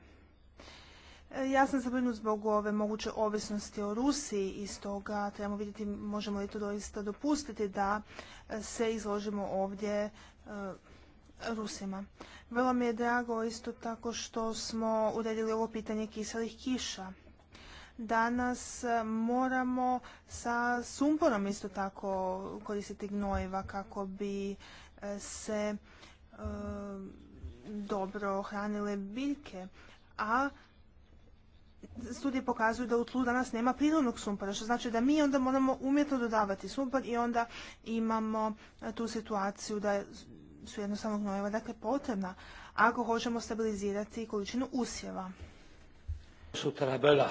Ja sam zabrinut zbog ove moguće ovisnosti o Rusiji i stoga trebamo vidjeti možemo li to doista dopustiti da e, se izložimo ovdje e, Rusima. Vrlo mi je drago isto tako što smo uredili ovo pitanje kiselih kiša. Danas e, moramo sa sumporom isto tako koristiti gnojiva kako bi se dobro hranile biljke, a studije pokazuju da u tlu danas nema prirodnog sumpora, što znači da mi onda moramo umjetno dodavati sumpor i onda imamo e, tu situaciju da su jednostavno gnojeva dakle potrebna ako hoćemo stabilizirati količinu usjeva. Su Tarabela.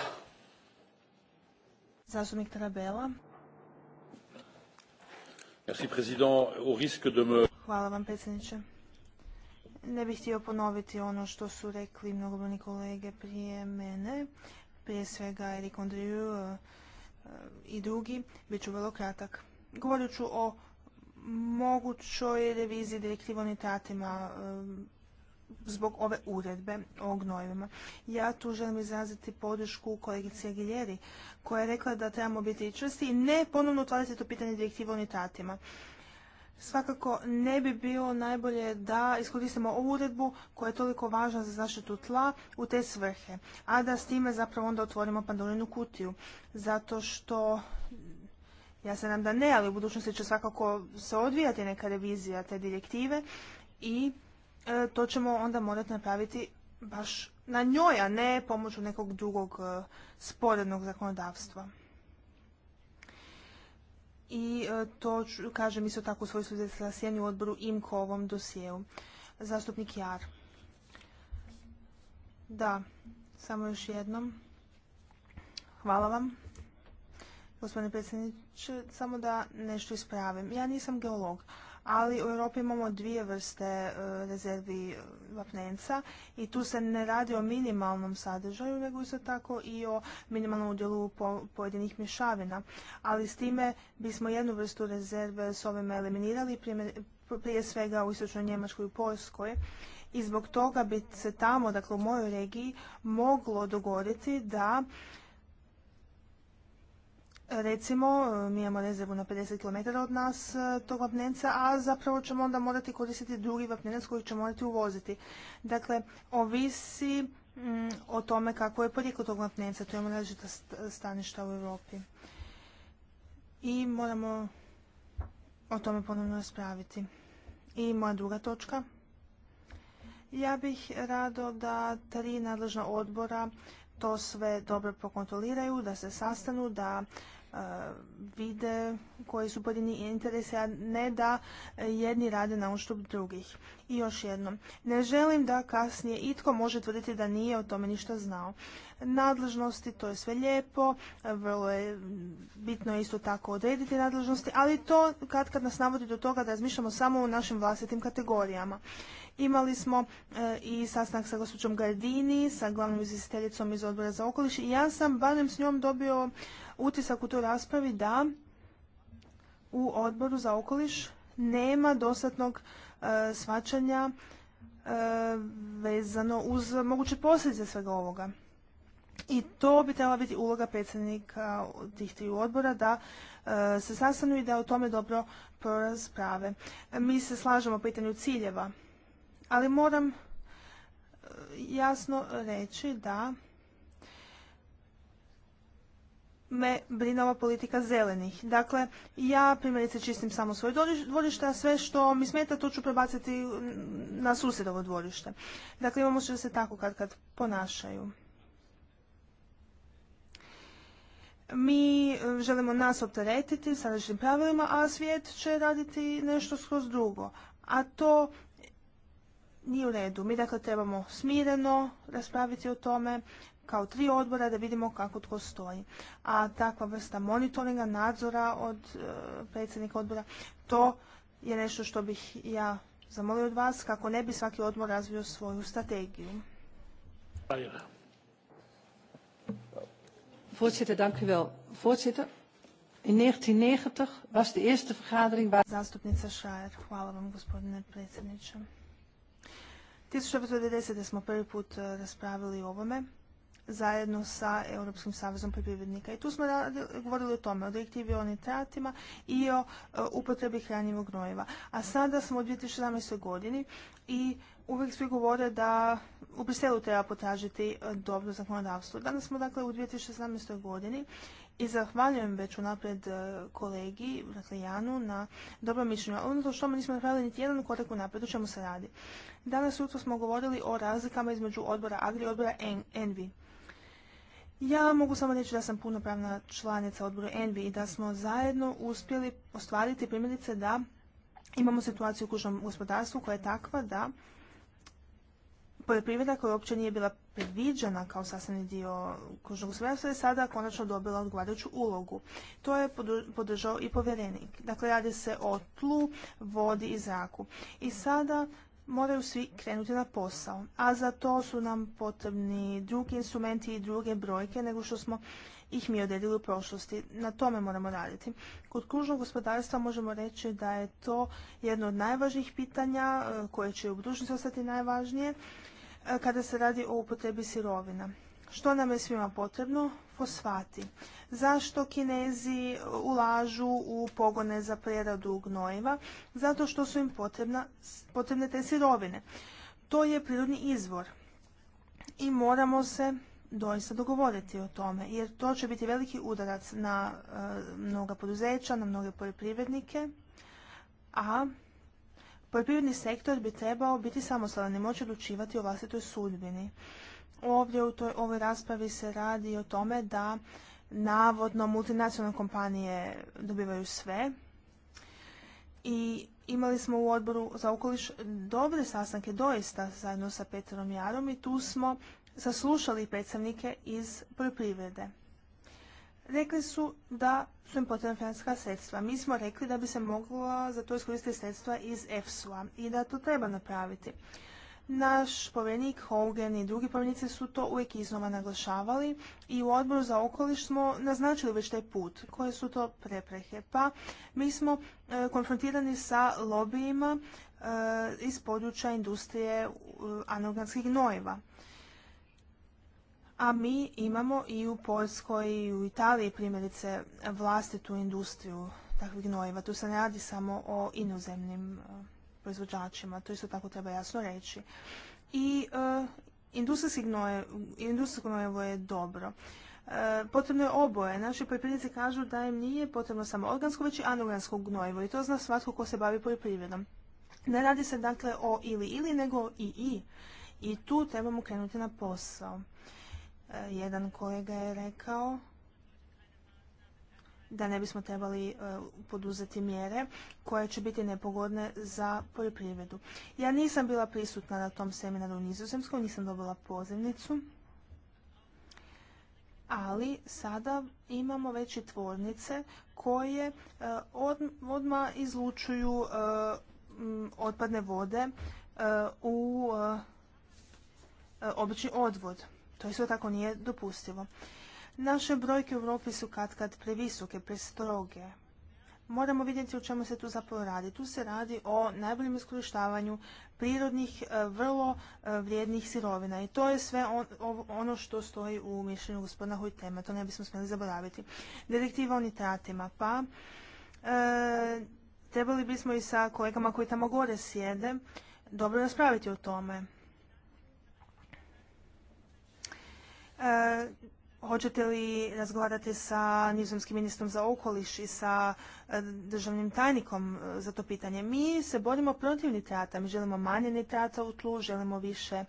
Hvala vam, predsjedniče. Ne bih htio ponoviti ono što su rekli mnogobrojni kolege prije mene, prije svega Erik Andriju e, e, i drugi, bit ću vrlo kratak. Govorit ću o mogućoj reviziji direktiva o e, zbog ove uredbe o gnojivima. Ja tu želim izraziti podršku kolegici Agiljeri koja je rekla da trebamo biti čvrsti i ne ponovno otvarati to pitanje direktiva o svakako ne bi bilo najbolje da iskoristimo ovu uredbu koja je toliko važna za zaštitu tla u te svrhe, a da s time zapravo onda otvorimo pandorinu kutiju. Zato što ja se nam da ne, ali u budućnosti će svakako se odvijati neka revizija te direktive i e, to ćemo onda morati napraviti baš na njoj, a ne pomoću nekog drugog e, sporednog zakonodavstva i e, to kažem isto tako u svojstvu sa u odboru IMKO ovom dosjeu. Zastupnik Jar. Da, samo još jednom. Hvala vam. Gospodine predsjedniče, samo da nešto ispravim. Ja nisam geolog, ali u Europi imamo dvije vrste e, rezervi e, vapnenca i tu se ne radi o minimalnom sadržaju, nego isto tako i o minimalnom udjelu pojedinih mješavina. Ali s time bismo jednu vrstu rezerve s ovime eliminirali, prije svega u istočnoj Njemačkoj i u Poljskoj, i zbog toga bi se tamo, dakle u mojoj regiji, moglo dogoditi da Recimo, mi imamo rezervu na 50 km od nas e, tog vapnenca, a zapravo ćemo onda morati koristiti drugi vapnenac koji ćemo morati uvoziti. Dakle, ovisi mm, o tome kako je porijeklo tog vapnenca. to imamo različita staništa u Europi. I moramo o tome ponovno raspraviti. I moja druga točka. Ja bih rado da tri nadležna odbora to sve dobro pokontroliraju, da se sastanu, da E, vide koji su pojedini interesi, a ne da jedni rade na uštup drugih. I još jednom, ne želim da kasnije itko može tvrditi da nije o tome ništa znao. Nadležnosti, to je sve lijepo, vrlo je bitno isto tako odrediti nadležnosti, ali to kad kad nas navodi do toga da razmišljamo samo u našim vlastitim kategorijama. Imali smo e, i sastanak sa gospođom Gardini, sa glavnom izvjestiteljicom iz odbora za okoliš i ja sam barem s njom dobio utisak u toj raspravi da u odboru za okoliš nema dostatnog e, svačanja e, vezano uz moguće posljedice svega ovoga. I to bi trebala biti uloga predsjednika tih tri odbora da e, se sastanu i da o tome dobro prorazprave. Mi se slažemo o pitanju ciljeva, ali moram jasno reći da me brine ova politika zelenih. Dakle, ja primjerice čistim samo svoje dvorište, a sve što mi smeta to ću prebaciti na susjedovo dvorište. Dakle, imamo što se tako kad kad ponašaju. Mi e, želimo nas opteretiti sadašnjim pravilima, a svijet će raditi nešto skroz drugo. A to nije u redu. Mi dakle trebamo smireno raspraviti o tome, kao tri odbora da vidimo kako tko stoji. A takva vrsta monitoringa, nadzora od e, predsjednika odbora, to je nešto što bih ja zamolio od vas kako ne bi svaki odbor razvio svoju strategiju. Voorzitter, dank u wel. Voorzitter, in 1990 was de eerste Zastupnica Šrajer, hvala vam gospodine predsjedniče. 1990. smo prvi put e, raspravili o ovome zajedno sa Europskim savezom poljoprivrednika. I tu smo govorili o tome, o direktivi o nitratima i o e, upotrebi hranjivog gnojiva. A sada smo u 2017. godini i uvijek svi govore da u Briselu treba potražiti e, dobro zakonodavstvo. Danas smo dakle u 2017. godini i zahvaljujem već unaprijed e, kolegi, dakle Janu, na dobro mišljenju. Ali ono što mi nismo napravili niti jedan korak unaprijed, o čemu se radi. Danas jutro smo govorili o razlikama između odbora Agri i odbora Envi. Ja mogu samo reći da sam punopravna članica odbora ENVI i da smo zajedno uspjeli ostvariti primjerice da imamo situaciju u kružnom gospodarstvu koja je takva da poljoprivreda koja uopće nije bila predviđena kao sastavni dio kružnog gospodarstva je sada konačno dobila odgovarajuću ulogu. To je podržao i povjerenik. Dakle, radi se o tlu, vodi i zraku. I sada moraju svi krenuti na posao. A za to su nam potrebni drugi instrumenti i druge brojke nego što smo ih mi odredili u prošlosti. Na tome moramo raditi. Kod kružnog gospodarstva možemo reći da je to jedno od najvažnijih pitanja e, koje će u budućnosti ostati najvažnije e, kada se radi o upotrebi sirovina. Što nam je svima potrebno? fosfati. Zašto Kinezi ulažu u pogone za preradu gnojiva? Zato što su im potrebne te sirovine. To je prirodni izvor i moramo se doista dogovoriti o tome, jer to će biti veliki udarac na e, mnoga poduzeća, na mnoge poljoprivrednike, a poljoprivredni sektor bi trebao biti samostalan i moći odlučivati o vlastitoj sudbini. Ovdje u toj, ovoj raspravi se radi o tome da navodno multinacionalne kompanije dobivaju sve i imali smo u odboru za okoliš dobre sastanke doista zajedno sa Petrom Jarom i tu smo saslušali predstavnike iz poljoprivrede. Rekli su da su im potrebna financijska sredstva. Mi smo rekli da bi se moglo za to iskoristiti sredstva iz EFSU-a i da to treba napraviti. Naš povjerenik Hogan i drugi povjerenici su to uvijek iznova naglašavali i u odboru za okoliš smo naznačili već taj put. Koje su to prepreke? Pa mi smo e, konfrontirani sa lobijima e, iz područja industrije e, anorganskih gnojiva. A mi imamo i u Poljskoj i u Italiji primjerice vlastitu industriju takvih gnojiva. Tu se ne radi samo o inozemnim proizvođačima. To isto tako treba jasno reći. I e, industrijsko gnojevo je dobro. E, potrebno je oboje. Naši poljoprivrednici kažu da im nije potrebno samo organsko, već i anorgansko gnojivo. I to zna svatko ko se bavi poljoprivredom. Ne radi se dakle o ili ili, nego i i. I tu trebamo krenuti na posao. E, jedan kolega je rekao da ne bismo trebali e, poduzeti mjere koje će biti nepogodne za poljoprivredu. Ja nisam bila prisutna na tom seminaru u nizozemskom nisam dobila pozivnicu, ali sada imamo već i tvornice koje e, odmah izlučuju e, otpadne vode u obični odvod. To isto tako nije dopustivo. Naše brojke u Europi su katkad previsoke, prestroge. Moramo vidjeti o čemu se tu zapravo radi. Tu se radi o najboljem iskorištavanju prirodnih, e, vrlo e, vrijednih sirovina. I to je sve ono što stoji u mišljenju gospodina Hojtema. To ne bismo smjeli zaboraviti. Direktiva o nitratima. Pa, e, trebali bismo i sa kolegama koji tamo gore sjede dobro raspraviti o tome. E, Hoćete li razgovarati sa nizomskim ministrom za okoliš i sa e, državnim tajnikom e, za to pitanje? Mi se borimo protiv nitrata. Mi želimo manje nitrata u tlu, želimo više e,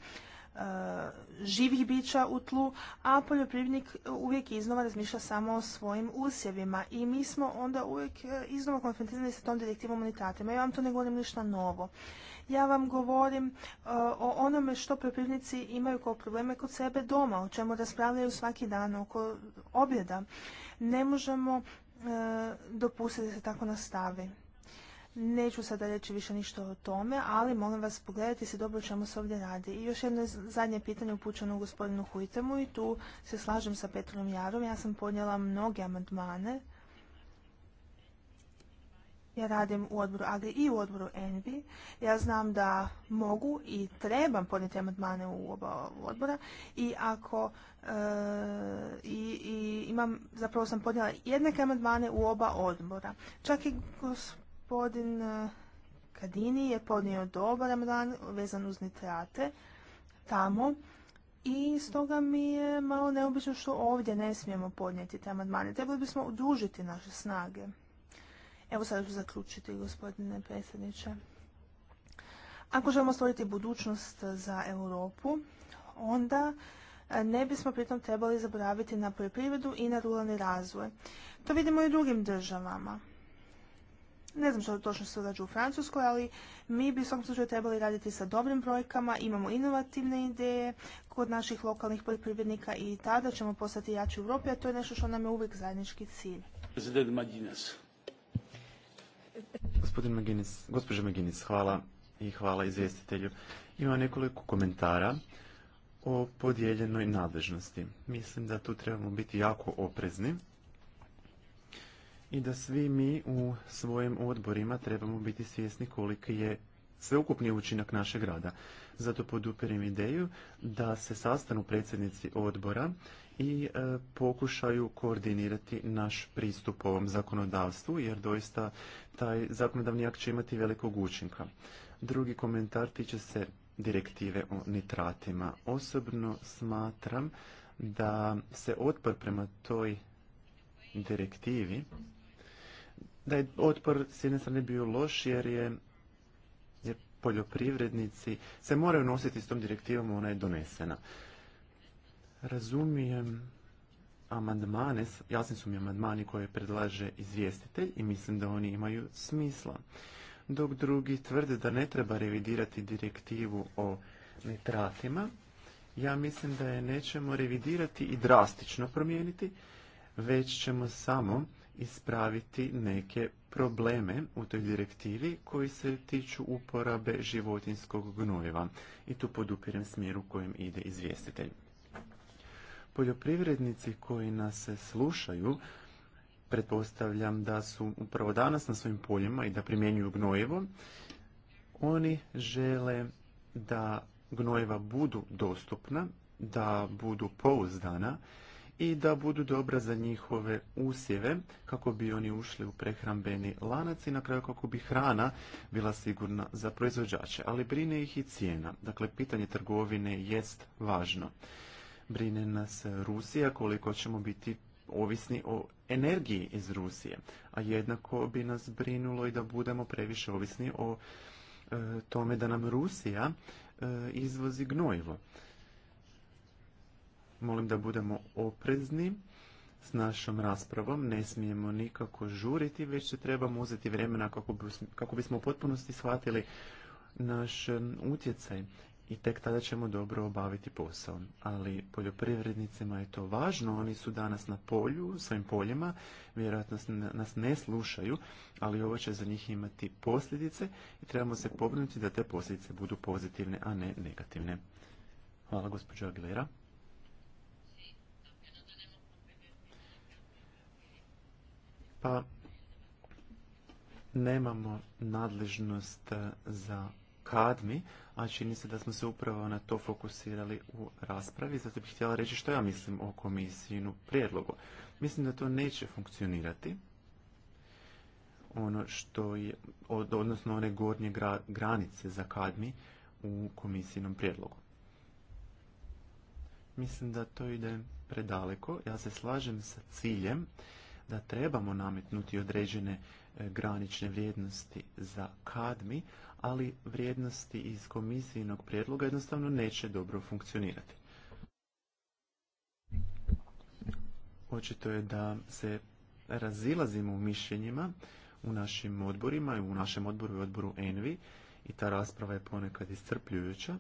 živih bića u tlu, a poljoprivrednik uvijek iznova razmišlja samo o svojim usjevima i mi smo onda uvijek iznova konfrontirani sa tom direktivom o nitratima. Ja vam to ne govorim ništa novo. Ja vam govorim e, o onome što poljoprivrednici imaju kao probleme kod sebe doma, o čemu raspravljaju svaki dan oko objeda. Ne možemo e, dopustiti da se tako nastavi. Neću sada reći više ništa o tome, ali molim vas pogledajte se dobro čemu se ovdje radi. I još jedno zadnje pitanje upućeno gospodinu Hujtemu i tu se slažem sa Petrom Jarom. Ja sam podnijela mnoge amandmane ja radim u odboru AGRI i u odboru ENVI. Ja znam da mogu i trebam podnijeti amandmane u oba odbora i ako e, i, imam, zapravo sam podnijela jednake amandmane u oba odbora. Čak i gospodin e, Kadini je podnio dobar amandman vezan uz nitrate tamo i stoga mi je malo neobično što ovdje ne smijemo podnijeti te amandmane. Trebali bismo udružiti naše snage. Evo sada ću zaključiti, gospodine predsjedniče. Ako želimo stvoriti budućnost za Europu, onda eh, ne bismo pritom trebali zaboraviti na poljoprivredu i na ruralni razvoj. To vidimo i u drugim državama. Ne znam što točno se događa u Francuskoj, ali mi bi u svakom slučaju trebali raditi sa dobrim brojkama, imamo inovativne ideje kod naših lokalnih poljoprivrednika i tada ćemo postati jači u Europi, a to je nešto što nam je uvijek zajednički cilj. Gospodin Maginis, gospođa Maginis, hvala i hvala izvjestitelju. Ima nekoliko komentara o podijeljenoj nadležnosti. Mislim da tu trebamo biti jako oprezni i da svi mi u svojim odborima trebamo biti svjesni koliki je sveukupni učinak našeg rada. Zato podupirim ideju da se sastanu predsjednici odbora i e, pokušaju koordinirati naš pristup ovom zakonodavstvu, jer doista taj zakonodavni akt će imati velikog učinka. Drugi komentar tiče se direktive o nitratima. Osobno smatram da se otpor prema toj direktivi, da je otpor s jedne strane bio loš jer je poljoprivrednici se moraju nositi s tom direktivom, ona je donesena. Razumijem amandmane, jasni su mi amandmani koje predlaže izvjestitelj i mislim da oni imaju smisla. Dok drugi tvrde da ne treba revidirati direktivu o nitratima, ja mislim da je nećemo revidirati i drastično promijeniti, već ćemo samo ispraviti neke probleme u toj direktivi koji se tiču uporabe životinskog gnojeva I tu podupirem smjeru kojem ide izvjestitelj poljoprivrednici koji nas se slušaju, pretpostavljam da su upravo danas na svojim poljima i da primjenjuju gnojevo, oni žele da gnojeva budu dostupna, da budu pouzdana i da budu dobra za njihove usjeve kako bi oni ušli u prehrambeni lanac i na kraju kako bi hrana bila sigurna za proizvođače. Ali brine ih i cijena. Dakle, pitanje trgovine jest važno brine nas Rusija, koliko ćemo biti ovisni o energiji iz Rusije. A jednako bi nas brinulo i da budemo previše ovisni o e, tome da nam Rusija e, izvozi gnojivo. Molim da budemo oprezni s našom raspravom. Ne smijemo nikako žuriti, već se trebamo uzeti vremena kako, kako bismo u potpunosti shvatili naš e, utjecaj i tek tada ćemo dobro obaviti posao. Ali poljoprivrednicima je to važno, oni su danas na polju, svojim poljima, vjerojatno nas ne slušaju, ali ovo će za njih imati posljedice i trebamo se pobrinuti da te posljedice budu pozitivne, a ne negativne. Hvala gospođo Aguilera. Pa nemamo nadležnost eh, za kadmi, a čini se da smo se upravo na to fokusirali u raspravi, zato bih htjela reći što ja mislim o komisijinu prijedlogu. Mislim da to neće funkcionirati, ono što je, od, odnosno one gornje granice za kadmi u komisijinom prijedlogu. Mislim da to ide predaleko. Ja se slažem sa ciljem da trebamo nametnuti određene e, granične vrijednosti za kadmi, ali vrijednosti iz komisijinog prijedloga jednostavno neće dobro funkcionirati. Očito je da se razilazimo u mišljenjima u našim odborima, u našem odboru i odboru ENVI i ta rasprava je ponekad iscrpljujuća.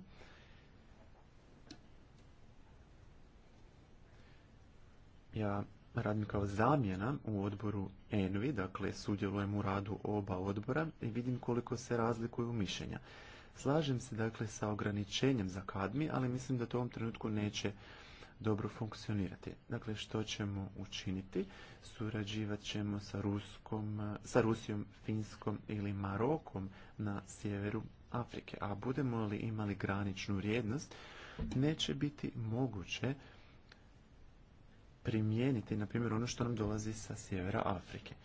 Ja radim kao zamjena u odboru ENVI, dakle sudjelujem u radu oba odbora i vidim koliko se razlikuju mišljenja. Slažem se dakle sa ograničenjem za kadmi, ali mislim da to u ovom trenutku neće dobro funkcionirati. Dakle, što ćemo učiniti? Surađivat ćemo sa, Ruskom, sa Rusijom, Finskom ili Marokom na sjeveru Afrike. A budemo li imali graničnu vrijednost, neće biti moguće primijeniti, na primjer, ono što nam dolazi sa sjevera Afrike.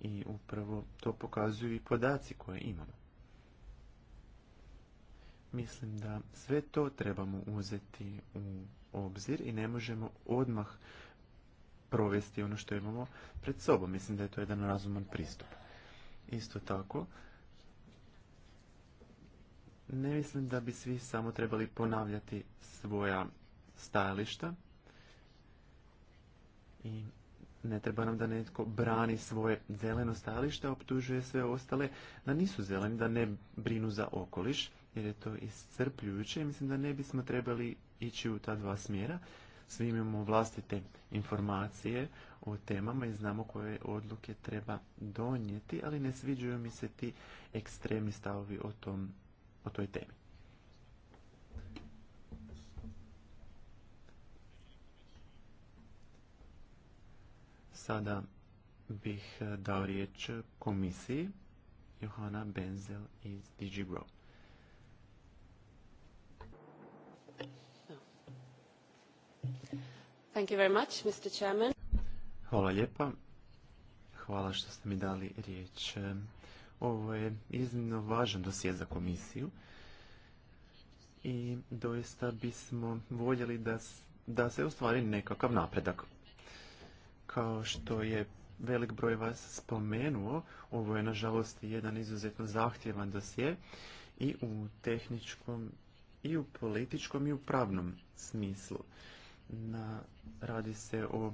I upravo to pokazuju i podaci koje imamo. Mislim da sve to trebamo uzeti u obzir i ne možemo odmah provesti ono što imamo pred sobom. Mislim da je to jedan razuman pristup. Isto tako, ne mislim da bi svi samo trebali ponavljati svoja stajališta, i ne treba nam da netko brani svoje zeleno stajalište, optužuje sve ostale da nisu zeleni, da ne brinu za okoliš, jer je to iscrpljujuće i mislim da ne bismo trebali ići u ta dva smjera. Svi imamo vlastite informacije o temama i znamo koje odluke treba donijeti, ali ne sviđaju mi se ti ekstremni stavovi o, o toj temi. Sada bih e, dao riječ komisiji Johana Benzel iz DigiGrow. Thank you very much, Mr. Chairman. Hvala lijepa. Hvala što ste mi dali riječ. E, ovo je iznimno važan dosje za komisiju i doista bismo voljeli da, da se ostvari nekakav napredak. Kao što je velik broj vas spomenuo, ovo je nažalost jedan izuzetno zahtjevan dosje i u tehničkom i u političkom i u pravnom smislu. Na, radi se o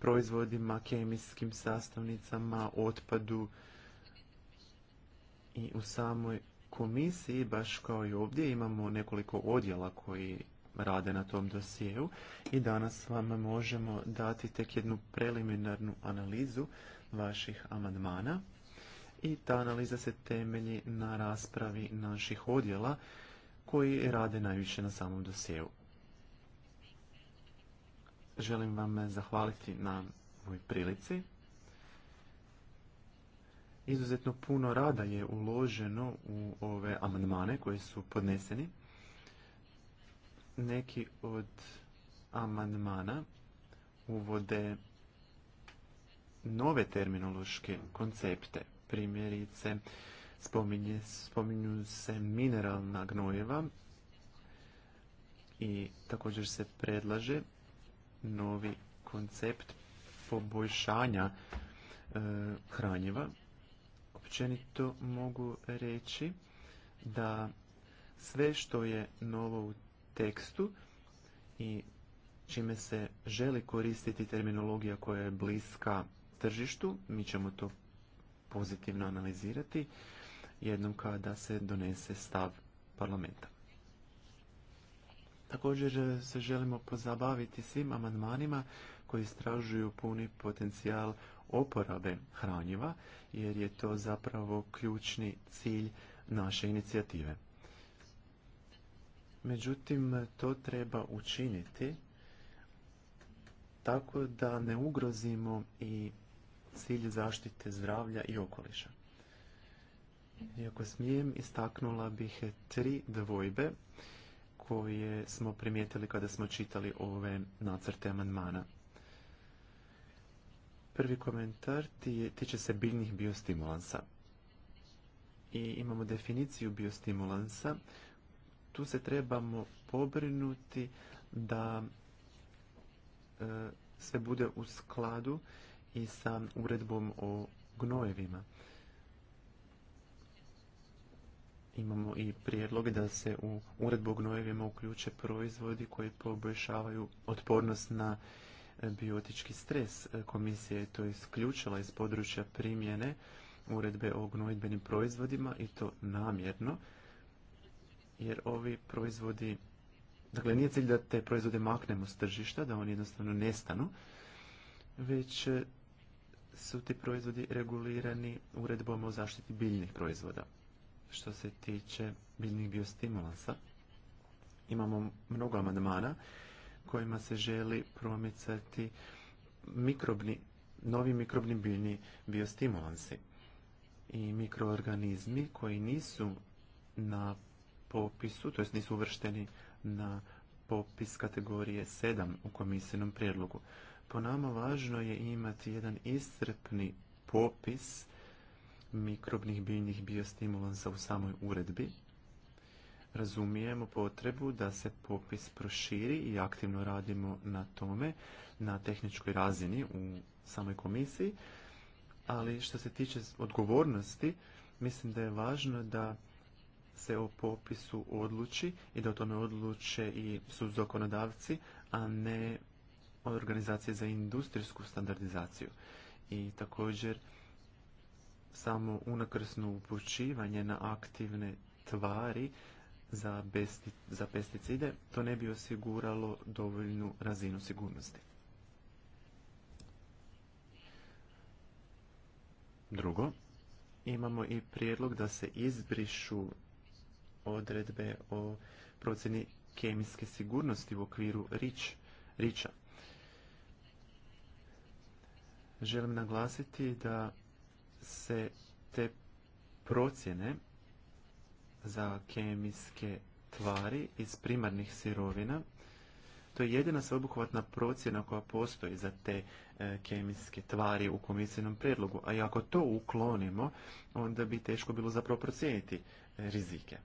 proizvodima, kemijskim sastavnicama, otpadu i u samoj komisiji, baš kao i ovdje, imamo nekoliko odjela koji rade na tom dosjeu i danas vam možemo dati tek jednu preliminarnu analizu vaših amandmana i ta analiza se temelji na raspravi naših odjela koji rade najviše na samom dosjeu. Želim vam zahvaliti na ovoj prilici. Izuzetno puno rada je uloženo u ove amandmane koji su podneseni. Neki od amandmana uvode nove terminološke koncepte. Primjerice, spominje, spominju se mineralna gnojeva i također se predlaže novi koncept poboljšanja e, hranjeva. Općenito mogu reći da sve što je novo u tekstu i čime se želi koristiti terminologija koja je bliska tržištu. Mi ćemo to pozitivno analizirati jednom kada se donese stav parlamenta. Također se želimo pozabaviti svim amandmanima koji istražuju puni potencijal oporabe hranjiva, jer je to zapravo ključni cilj naše inicijative. Međutim, to treba učiniti tako da ne ugrozimo i cilj zaštite zdravlja i okoliša. Iako smijem, istaknula bih tri dvojbe koje smo primijetili kada smo čitali ove nacrte amandmana. Prvi komentar tiče se biljnih biostimulansa. I imamo definiciju biostimulansa tu se trebamo pobrinuti da e, sve bude u skladu i sa uredbom o gnojevima. Imamo i prijedlog da se u uredbu o gnojevima uključe proizvodi koji poboljšavaju otpornost na e, biotički stres. E, komisija je to isključila iz područja primjene uredbe o gnojidbenim proizvodima i to namjerno jer ovi proizvodi, dakle nije cilj da te proizvode maknemo s tržišta, da oni jednostavno nestanu, već e, su ti proizvodi regulirani uredbom o zaštiti biljnih proizvoda. Što se tiče biljnih biostimulansa, imamo mnogo amandmana kojima se želi promicati mikrobni, novi mikrobni biljni biostimulansi i mikroorganizmi koji nisu na popisu, to jest nisu uvršteni na popis kategorije 7 u komisijnom prijedlogu. Po nama važno je imati jedan iscrpni popis mikrobnih biljnih biostimulansa u samoj uredbi. Razumijemo potrebu da se popis proširi i aktivno radimo na tome na tehničkoj razini u samoj komisiji, ali što se tiče odgovornosti, mislim da je važno da se o popisu odluči i da o tome odluče i su zakonodavci, a ne organizacije za industrijsku standardizaciju. I također samo unakrsno upućivanje na aktivne tvari za, za pesticide, to ne bi osiguralo dovoljnu razinu sigurnosti. Drugo, imamo i prijedlog da se izbrišu odredbe o procjeni kemijske sigurnosti u okviru rič, riča. Želim naglasiti da se te procjene za kemijske tvari iz primarnih sirovina to je jedina sveobuhvatna procjena koja postoji za te e, kemijske tvari u komisijnom predlogu. A ako to uklonimo, onda bi teško bilo zapravo procijeniti e, rizike.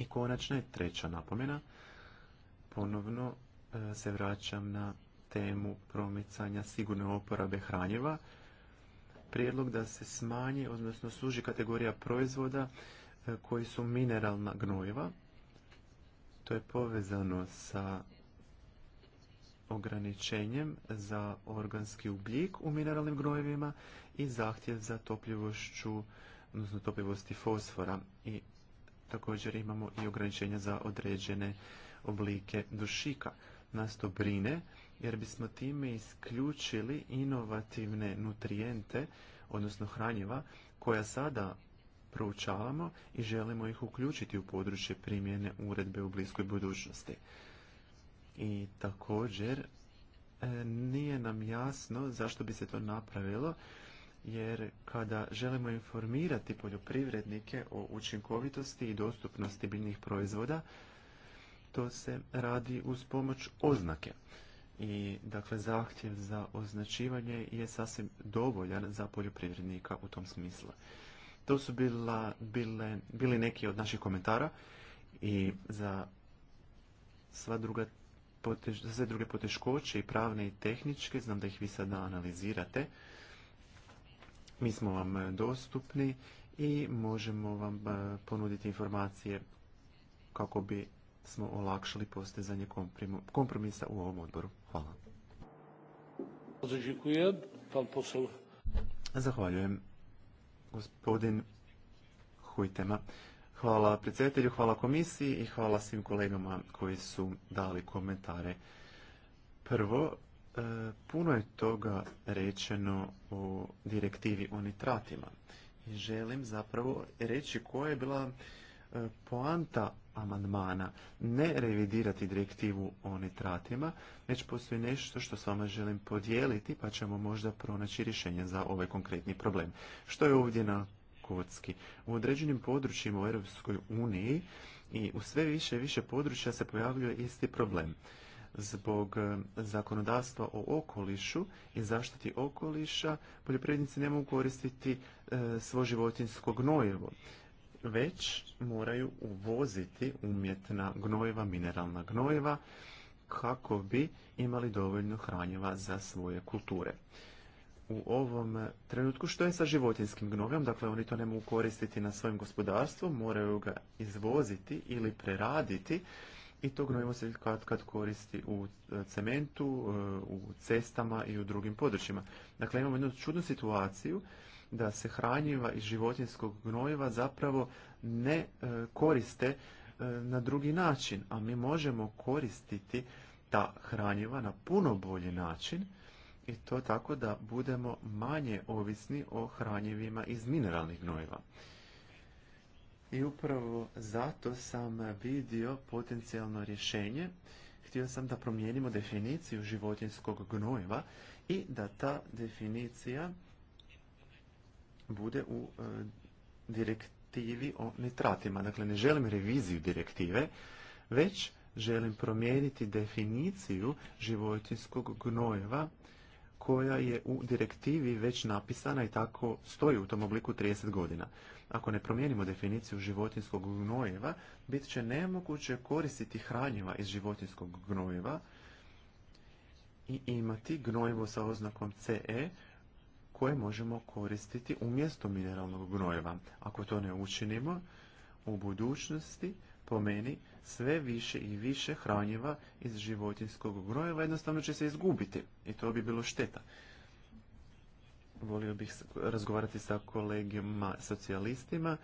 I konačna je treća napomena. Ponovno e, se vraćam na temu promicanja sigurne oporabe hranjeva. Prijedlog da se smanji, odnosno služi kategorija proizvoda e, koji su mineralna gnojiva. To je povezano sa ograničenjem za organski ugljik u mineralnim gnojivima i zahtjev za topljivošću, odnosno topljivosti fosfora i Također imamo i ograničenja za određene oblike dušika. Nas to brine jer bismo time isključili inovativne nutrijente, odnosno hranjiva, koja sada proučavamo i želimo ih uključiti u područje primjene uredbe u bliskoj budućnosti. I također e, nije nam jasno zašto bi se to napravilo jer kada želimo informirati poljoprivrednike o učinkovitosti i dostupnosti biljnih proizvoda, to se radi uz pomoć oznake. I dakle zahtjev za označivanje je sasvim dovoljan za poljoprivrednika u tom smislu. To su bila, bile, bili neki od naših komentara i za sva druga za sve druge poteškoće i pravne i tehničke, znam da ih vi sada analizirate, mi smo vam e, dostupni i možemo vam e, ponuditi informacije kako bi smo olakšali postizanje kompromisa u ovom odboru. Hvala. Zahvaljujem. Gospodin Hujtema. Hvala predsjedatelju, hvala komisiji i hvala svim kolegama koji su dali komentare. Prvo, E, puno je toga rečeno o direktivi o nitratima. I želim zapravo reći koja je bila e, poanta amandmana. Ne revidirati direktivu o nitratima, već postoji nešto što s vama želim podijeliti, pa ćemo možda pronaći rješenje za ovaj konkretni problem. Što je ovdje na kocki? U određenim područjima u EU i u sve više i više područja se pojavljuje isti problem – zbog e, zakonodavstva o okolišu i zaštiti okoliša poljoprivrednici ne mogu koristiti e, svo životinsko gnojevo, već moraju uvoziti umjetna gnojeva, mineralna gnojeva kako bi imali dovoljno hranjiva za svoje kulture. U ovom trenutku što je sa životinskim gnojevom, dakle oni to ne mogu koristiti na svojem gospodarstvu, moraju ga izvoziti ili preraditi i to gnojivo se kad, kad koristi u e, cementu, e, u cestama i u drugim područjima. Dakle, imamo jednu čudnu situaciju da se hranjiva iz životinskog gnojiva zapravo ne e, koriste na drugi način, a mi možemo koristiti ta hranjiva na puno bolji način i to tako da budemo manje ovisni o hranjivima iz mineralnih gnojiva i upravo zato sam vidio potencijalno rješenje. Htio sam da promijenimo definiciju životinskog gnojeva i da ta definicija bude u e, direktivi o nitratima. Dakle, ne želim reviziju direktive, već želim promijeniti definiciju životinskog gnojeva koja je u direktivi već napisana i tako stoji u tom obliku 30 godina. Ako ne promijenimo definiciju životinskog gnojeva, bit će nemoguće koristiti hranjiva iz životinskog gnojeva i imati gnojevo sa oznakom CE koje možemo koristiti umjesto mineralnog gnojeva. Ako to ne učinimo, u budućnosti po meni, sve više i više hranjiva iz životinskog grojeva jednostavno će se izgubiti i to bi bilo šteta. Volio bih razgovarati sa kolegima socijalistima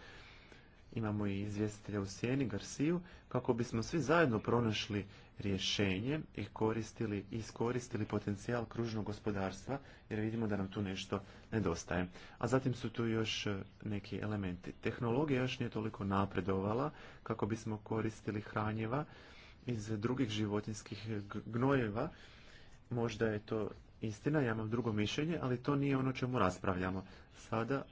imamo i izvjestitelja u sjeni, Garsiju, kako bismo svi zajedno pronašli rješenje i koristili, iskoristili potencijal kružnog gospodarstva, jer vidimo da nam tu nešto nedostaje. A zatim su tu još e, neki elementi. Tehnologija još nije toliko napredovala kako bismo koristili hranjeva iz drugih životinskih gnojeva. Možda je to istina, ja imam drugo mišljenje, ali to nije ono čemu raspravljamo. Sada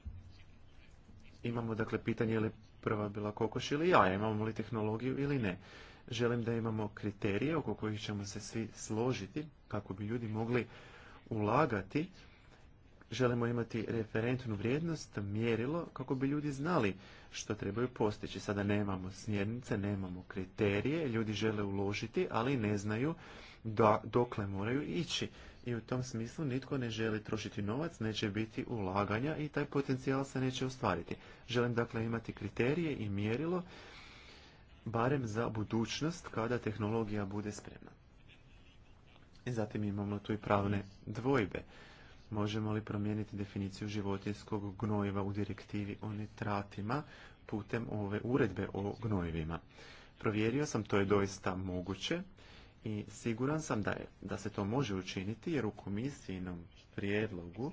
imamo dakle pitanje je li prva bila kokoš ili ja, imamo li tehnologiju ili ne. Želim da imamo kriterije oko kojih ćemo se svi složiti kako bi ljudi mogli ulagati. Želimo imati referentnu vrijednost, mjerilo, kako bi ljudi znali što trebaju postići. Sada nemamo smjernice, nemamo kriterije, ljudi žele uložiti, ali ne znaju da, dokle moraju ići i u tom smislu nitko ne želi trošiti novac, neće biti ulaganja i taj potencijal se neće ostvariti. Želim dakle imati kriterije i mjerilo, barem za budućnost kada tehnologija bude spremna. I zatim imamo tu i pravne dvojbe. Možemo li promijeniti definiciju životinskog gnojiva u direktivi o nitratima putem ove uredbe o gnojivima? Provjerio sam, to je doista moguće i siguran sam da, je, da se to može učiniti jer u komisijinom prijedlogu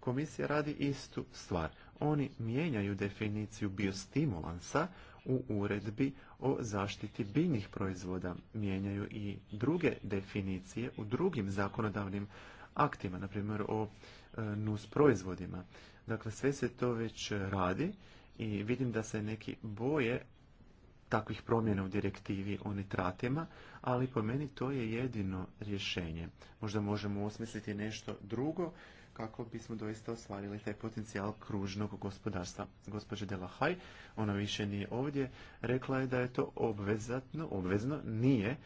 komisija radi istu stvar. Oni mijenjaju definiciju biostimulansa u uredbi o zaštiti biljnih proizvoda. Mijenjaju i druge definicije u drugim zakonodavnim aktima, na primjer o e, nus proizvodima. Dakle, sve se to već radi i vidim da se neki boje takvih promjena u direktivi o nitratima, ali po meni to je jedino rješenje. Možda možemo osmisliti nešto drugo kako bismo doista ostvarili taj potencijal kružnog gospodarstva. Gospođa Delahaj, ona više nije ovdje, rekla je da je to obvezatno, obvezno nije,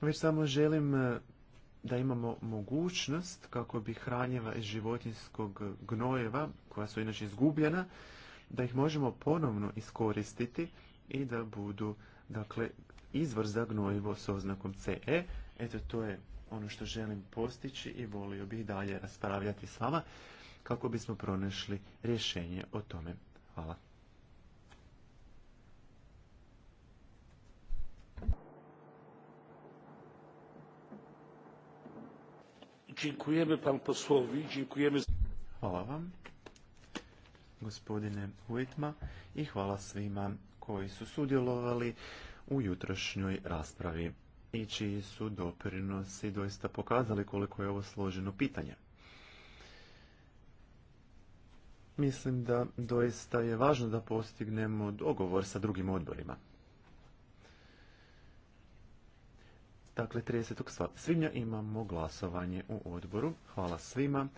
već samo želim e, da imamo mogućnost kako bi hranjeva iz životinskog gnojeva, koja su inače izgubljena, da ih možemo ponovno iskoristiti i da budu dakle, izvor za gnojivo s oznakom CE. Eto, to je ono što želim postići i volio bih dalje raspravljati s vama kako bismo pronašli rješenje o tome. Hvala. Dziękujemy pan posłowi, dziękujemy. Hvala vam, gospodine Huitma, i hvala svima koji su sudjelovali u jutrošnjoj raspravi i čiji su doprinosi doista pokazali koliko je ovo složeno pitanje. Mislim da doista je važno da postignemo dogovor sa drugim odborima. Dakle, 30. svibnja imamo glasovanje u odboru. Hvala svima.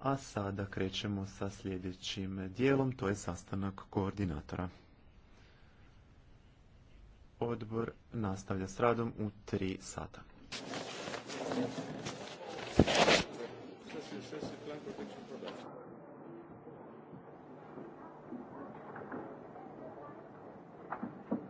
A sada krećemo sa sljedećim dijelom, to je sastanak koordinatora odbor nastavlja s radom u 3 sata.